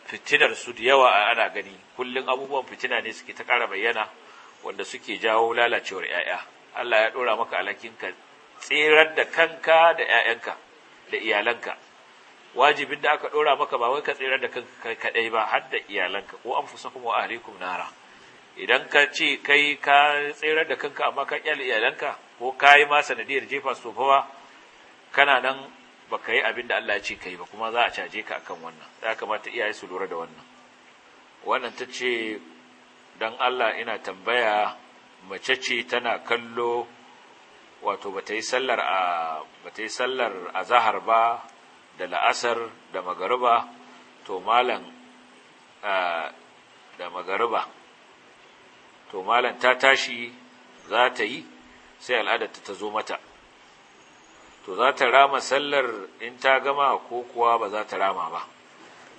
fitinar su da yawa ana gani kullun abubuwan fitina ne suke ta ƙara bayyana wanda suke jawo lalacewar ƴaƴa Allah ya dora maka alhakin ka tsirar da kanka da ƴaƴanka da iyalanka wajibin da aka ɗora maka ba wai ka tsira da kanka kadai ba har da iyalanka ko an fusa kuma nara idan ka ce kai ka tsira da kanka amma ka kyale iyalanka ko ka yi ma sanadiyar jefa su fa kana nan ba ka yi abin da Allah ya ce ka yi ba kuma za a caje ka akan wannan ya kamata iyaye su lura da wannan wannan ta ce don Allah ina tambaya mace ce tana kallo wato bata yi sallar a bata yi sallar ba da la'asar da magariba to malam da magariba to malan ta tashi za ta yi sai al'adarta ta zo mata to za ta rama sallar in ta gama ko kuwa ba za ta rama ba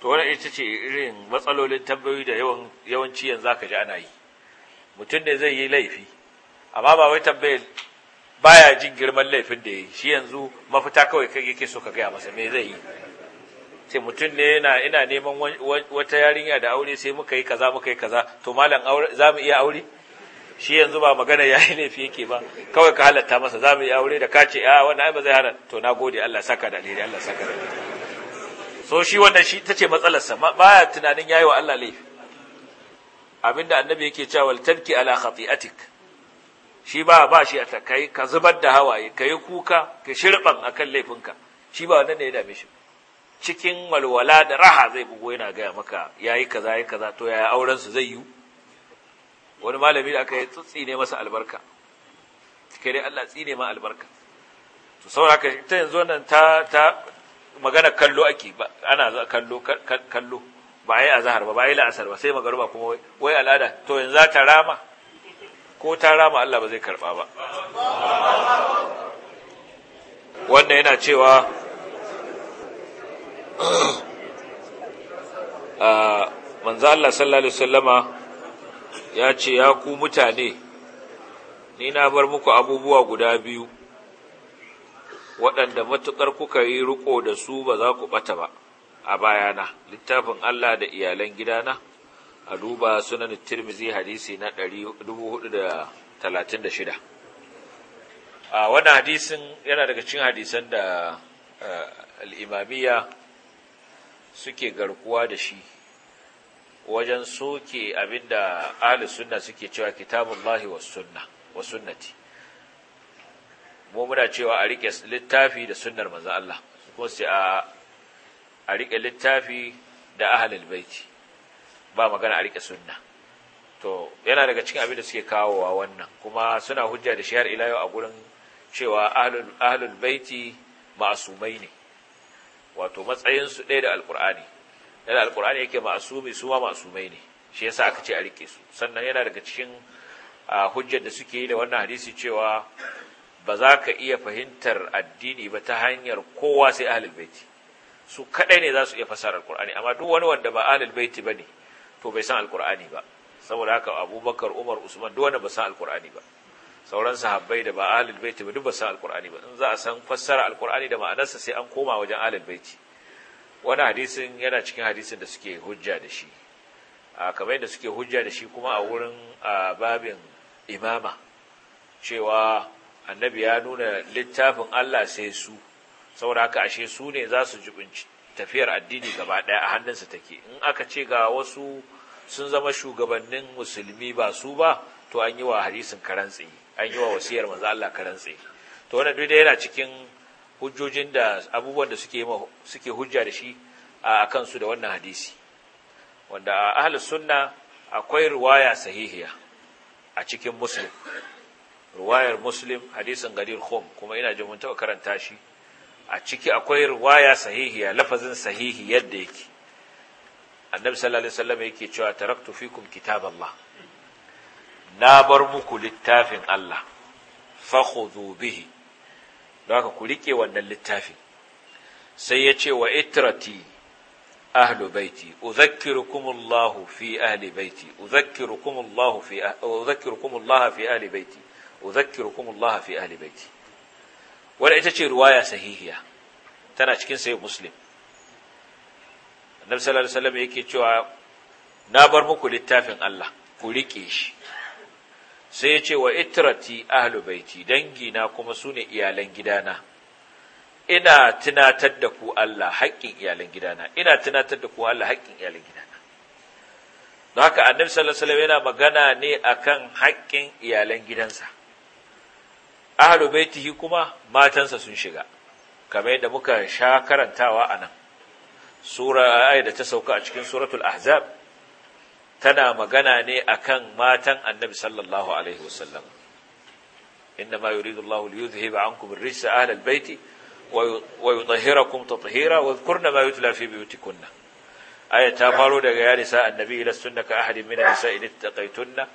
to wani ita ce irin matsalolin tambayoyi da yawanci yanzu ka ji ana yi mutum ne zai yi laifi amma ba wai baya jin girman laifin da yi shi yanzu mafita kawai yake so ka gaya masa me zai yi sai mutum ne yana ina neman wata yarinya da aure sai muka yi kaza muka yi kaza to malam za mu iya aure shi yanzu ba magana ya yi laifi yake ba kawai ka halatta masa za mu iya aure da ka ce a ah, wannan ai ba zai hana to na gode Allah saka da alheri Allah saka da so shi wannan shi tace matsalarsa baya tunanin yayi wa Allah laifi abinda annabi yake cewa wal tabki ala khati'atik shi ba ba shi a takai ka zubar da hawaye ka yi kuka ka shirban kan laifinka shi ba wannan ne ya dame shi cikin walwala da raha zai bugo yana gaya maka yayi kaza yayi kaza to ya auren su zai yi wani malami da aka yi tsitsi ne masa albarka kai dai Allah tsine ma albarka to saboda ta yanzu wannan ta ta magana kallo ake ana kallo kallo ba yi azhar ba ba yi la'asar ba sai magaruba kuma wai al'ada to yanzu za ta rama ko ta rama Allah ba zai karba ba wannan yana cewa a ah, manzo Allah sallallahu alaihi ya ce ya ku mutane ni na bar muku abubuwa guda biyu waɗanda matuƙar kuka yi riko da su ba za ku ɓata ba a bayana littafin Allah da iyalan gidana a duba sunan tirmizi hadisi na da 436 a wannan hadisin yana daga cikin hadisan da eh, al'imamiya suke garkuwa da shi wajen soke abinda ahli sunna suke cewa kitabullahi was wa sunnati mu muna cewa a rike littafi da sunnar manzo Allah ko sai a a rike littafi da ahlul baiti ba magana a rike sunna to yana daga cikin abin da suke kawowa wannan kuma suna hujja da shi har ila yau a gurin cewa ahlul ahlul baiti ma'asumai ne wato matsayin su ɗaya da alqur'ani da alqur'ani yake masumi su ma ma'asumai ne shi yasa aka ce a rike su sannan yana daga cikin hujjar da suke yi da wannan hadisi cewa ba za ka iya fahimtar addini ba ta hanyar kowa sai ahlul baiti su kadai ne za su iya fasarar alqur'ani amma duk wani wanda ba ahlul baiti bane to bai san alkur'ani ba saboda haka abubakar umar usman duk wanda ba san alkur'ani ba sauran sahabbai da ba ahlul baiti ba duk ba san alkur'ani ba in za a san fassara alkur'ani da ma'anarsa sai an koma wajen ahlul baiti wani hadisin yana cikin hadisin da suke hujja da shi a kamar da suke hujja da shi kuma a wurin babin imama cewa annabi ya nuna littafin Allah sai su saboda haka ashe su ne za su jibinci tafiyar addini gaba daya a hannunsa take in aka ce ga wasu sun zama shugabannin musulmi ba su ba to an yi wa hadisin karantsi an yi wa wasiyar manzo Allah karantsi to wannan duk yana cikin hujjojin da abubuwan da suke suke hujja da shi a su da wannan hadisi wanda a sunna akwai riwaya sahihiya a cikin muslim riwayar muslim hadisin gadir khum kuma ina jin mun taɓa karanta shi a ciki akwai riwaya sahihiya lafazin sahihi yadda yake annabi sallallahu alaihi wasallam yake cewa taraktu fikum kitaballah na bar muku littafin Allah fakhudhu bihi don haka ku rike wannan littafin sai ya ce wa itrati ahlu baiti udhakkirukum Allah fi ahli baiti udhakkirukum Allah fi udhakkirukum Allah fi ahli baiti udhakkirukum Allah fi ahli baiti wanda ita ce riwaya sahihiya tana cikin sahih muslim annabi sallallahu alaihi wasallam yake cewa na bar muku littafin Allah ku rike shi sai ya ce wa itrati ahlu baiti dangi na kuma sune iyalan gidana ina tunatar da ku Allah haƙƙin iyalan gidana ina tunatar da ku Allah haƙƙin iyalan gidana don haka annabi sallallahu alaihi wasallam yana magana ne akan haƙƙin iyalan gidansa ahlu baitihi kuma matansa sun shiga kamar yadda muka sha karantawa anan سورة آية تسوكا أشكن سورة الأحزاب تنا مغناني أكن ماتن النبي صلى الله عليه وسلم إنما يريد الله ليذهب عنكم الرجس أهل البيت ويطهركم تطهيرا واذكرن ما يتلى في بيوتكن آية تابالو يا نساء النبي لستن كأحد من النساء إن اتقيتن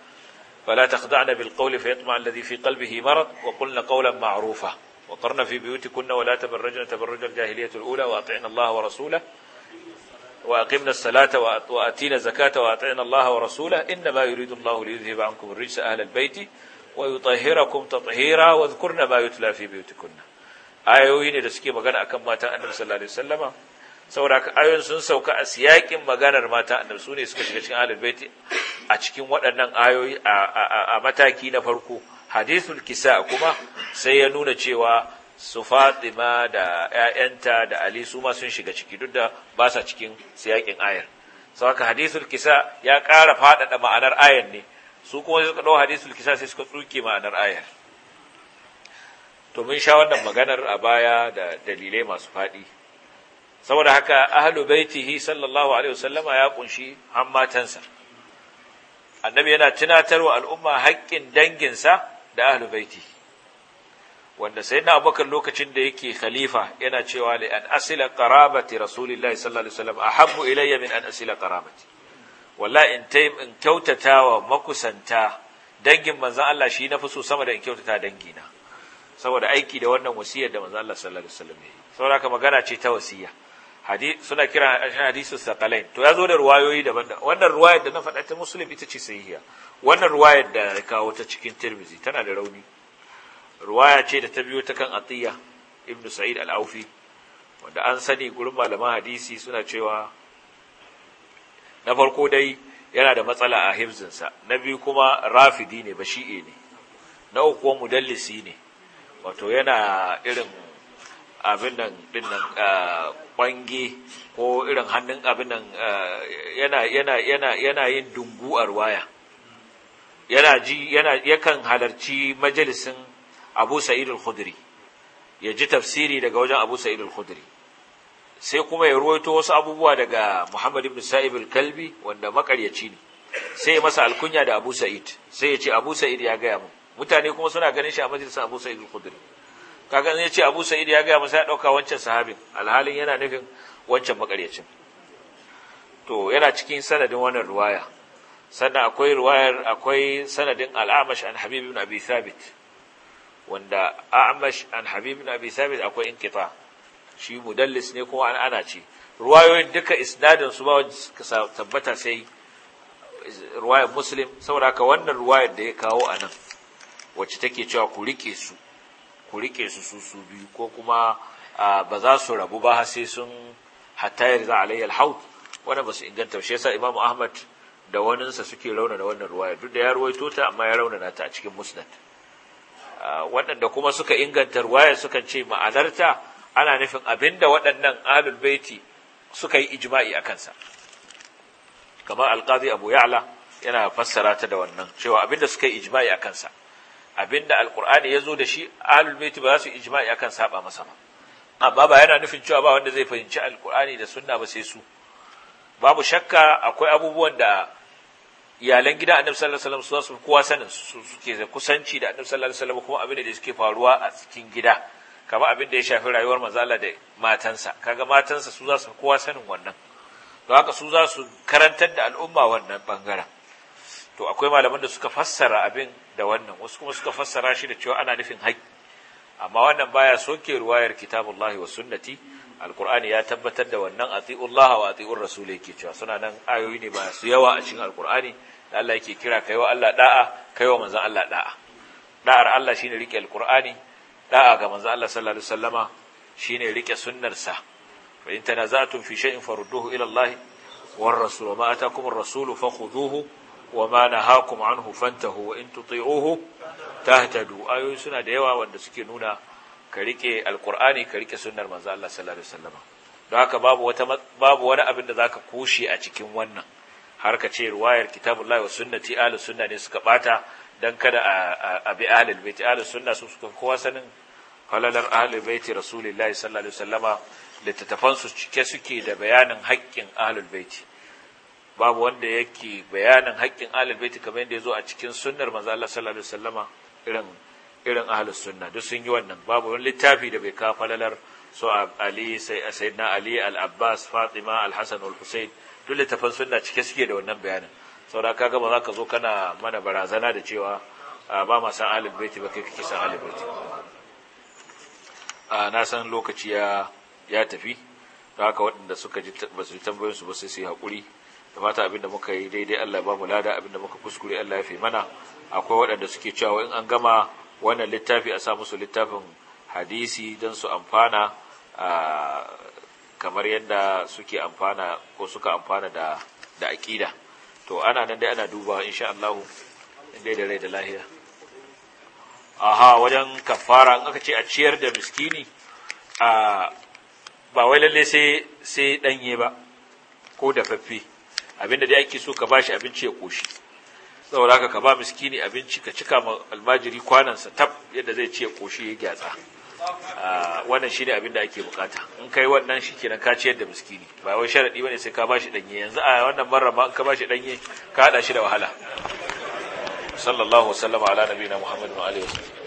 فلا تخضعن بالقول فيطمع الذي في قلبه مرض وقلن قولا معروفا وقرن في بيوتكن ولا تبرجن تبرج الجاهلية الأولى وأطعن الله ورسوله wa aqimna as-salata wa atina zakata wa atina Allah wa rasula inna ma yuridu Allah li yudhhiba ankum ar-rijsa ahla al-bayti wa yutahhirakum tatheera wa dhkurna ma yutla fi buyutikunna ayoyi ne da suke magana akan matan Annabi sallallahu alaihi wasallama saboda ayoyin sun sauka a siyakin maganar mata Annabi sune suka shiga cikin a cikin waɗannan ayoyi a mataki na farko hadithul kisa kuma sai ya nuna cewa su fatima da 'ya'yanta da ali su ma sun shiga ciki duk da ba sa cikin siyakin ayar saka hadisul kisa ya ƙara faɗaɗa ma'anar ayar ne su kuma suka ɗau hadisul kisa sai suka tsuke ma'anar ayar to mun sha wannan maganar a baya da dalilai masu faɗi saboda haka ahlu baitihi sallallahu alaihi wasallama ya kunshi hammatansa annabi yana tunatarwa al'umma haƙƙin danginsa da ahlu baitihi wanda sai na abubakar lokacin da yake khalifa yana cewa li an asila qarabati rasulillahi sallallahu alaihi wasallam ahabbu ilayya min an asila qarabati wallahi in taim in kyautatawa makusanta dangin manzon Allah shi nafi so sama da in kyautata dangina saboda aiki da wannan wasiyar da manzon Allah sallallahu alaihi wasallam yayi saboda haka magana ce ta wasiya hadisi suna kira hadisu saqalain to yazo da ruwayoyi daban wannan ruwayar da na faɗa ta muslim ita ce sahihiya wannan ruwayar da kawo ta cikin tirmizi tana da rauni ruwaya ce da ta biyo ta kan atiya ibn sa'id al-aufi wanda an sani gurin malaman hadisi suna cewa na farko dai yana da matsala a hifzinsa na biyu kuma rafidi ne ba shi'e ne na uku kuma mudallisi ne wato yana irin abin nan din kwange ko irin hannun abin nan yana yana yana yana yin dungu a ruwaya yana ji yana yakan halarci majalisin abu sa'id al-khudri ya ji tafsiri daga wajen abu sa'id al-khudri sai kuma ya ruwaito wasu abubuwa daga muhammad ibn sa'ib al-kalbi wanda makaryaci ne sai ya masa alkunya da abu sa'id sai ya ce abu sa'id ya gaya mu mutane kuma suna ganin shi a majalisar abu sa'id al-khudri kaga ya ce abu sa'id ya gaya mu sai ya dauka wancan sahabin alhalin yana nufin wancan makaryacin to yana cikin sanadin wannan ruwaya sannan akwai ruwayar akwai sanadin al-amash an habib ibn abi thabit wanda a'mash an habib ibn abi thabit akwai inqita shi mudallis ne kuma an ana ce ruwayoyin duka isnadin su ba tabbata sai ruwayar muslim saboda ka wannan ruwayar da ya kawo a nan wacce take cewa ku rike su ku rike su su su biyu ko kuma ba za su rabu ba sai sun hatta yarda alayhi alhaut wanda ba su inganta shi yasa imam ahmad da waninsa suke da wannan ruwaya duk da ya ruwaito ta amma ya raunana ta a cikin musnad Ah, waɗanda kuma suka inganta ruwaya suka ce ma'anarta ana nufin abinda waɗannan alul baiti suka yi ijma'i a kansa kamar alƙazi abu ya'la yana fassara ta da wannan cewa abinda suka yi ijma'i a kansa abinda alƙur'ani ya zo da shi alul baiti ba za su ijma'i kansa saba masa ba amma ba yana nufin cewa ba wanda zai fahimci alƙur'ani da sunna ba sai su babu shakka akwai abubuwan da iyalan gida annabi sallallahu alaihi wasallam su kowa sanin su suke da kusanci da annabi sallallahu alaihi wasallam kuma abin da suke faruwa a cikin gida kamar abin da ya shafi rayuwar manzala da matansa kaga matansa su za su kowa sanin wannan to haka su za su karantar da al'umma wannan bangaren to akwai malaman da suka fassara abin da wannan wasu kuma suka fassara shi da cewa ana nufin haƙƙi amma wannan baya soke ruwayar kitabullahi wa sunnati alkur'ani ya tabbatar da wannan atiullaha wa atiur rasul yake cewa suna nan ayoyi ne ba su yawa a cikin alkur'ani da Allah yake kira kaiwa Allah da'a kaiwa manzon Allah da'a da'ar Allah shine rike alkur'ani da'a ga manzon Allah sallallahu alaihi wasallama shine rike sunnar sa fa in tanaza'tum fi shay'in farudduhu ila Allah war rasul ma atakum ar-rasul fakhuduhu wa ma nahakum anhu fantahu wa in tuti'uhu tahtadu ayoyi suna da yawa wanda suke nuna ka rike alkur'ani ka rike sunnar manzo Allah sallallahu alaihi wasallam don haka babu wata babu wani abin da zaka kushe a cikin wannan har ka ce ruwayar kitabullahi wa sunnati ahlus sunna ne suka bata dan kada a bi ahlul bait ahlus sunna su suka kowa sanin halalar ahlul bait rasulillahi sallallahu alaihi wasallama littattafan su cike suke da bayanin haƙƙin ahlul bait babu wanda yake bayanin haƙƙin ahlul bait kamar yadda yazo a cikin sunnar manzo Allah sallallahu alaihi wasallama irin irin ahlus sunna duk sun yi wannan babu wani littafi da bai ka falalar so ali sai sayyidina ali al-abbas fatima al-hasan al-husayn duk littafan sunna cike suke da wannan bayanin saboda kaga ba za ka zo kana mana barazana da cewa ba ma san ahlul baiti ba kai kake san ahlul baiti na san lokaci ya ya tafi don haka waɗanda suka ji ba su ji tambayoyinsu ba sai su yi haƙuri da fata abinda muka yi daidai Allah ba mu lada abinda muka kuskure Allah ya fi mana akwai waɗanda suke cewa in an gama wannan littafi a sa musu littafin hadisi don su amfana kamar yadda suke amfana ko suka amfana da aƙida to ana nan dai ana duba insha Allah dai da rai da lahiya aha wajen kafara in aka ce a ciyar da miskini a ba wai lalle sai sai danye ba ko dafaffe abinda dai ake so ka bashi abinci ya koshi saboda haka ka ba miskini abinci ka cika ma almajiri kwanansa tab yadda zai ce koshi ya gyatsa ah, wannan shine abin da ake bukata in kai wannan shi kenan ka ciyar da miskini ba wai sharadi bane sai ka ba shi danye yanzu a wannan barra ma ka ba shi danye ka hada shi da wahala sallallahu alaihi sallam ala nabiyina muhammadin wa alihi wasallam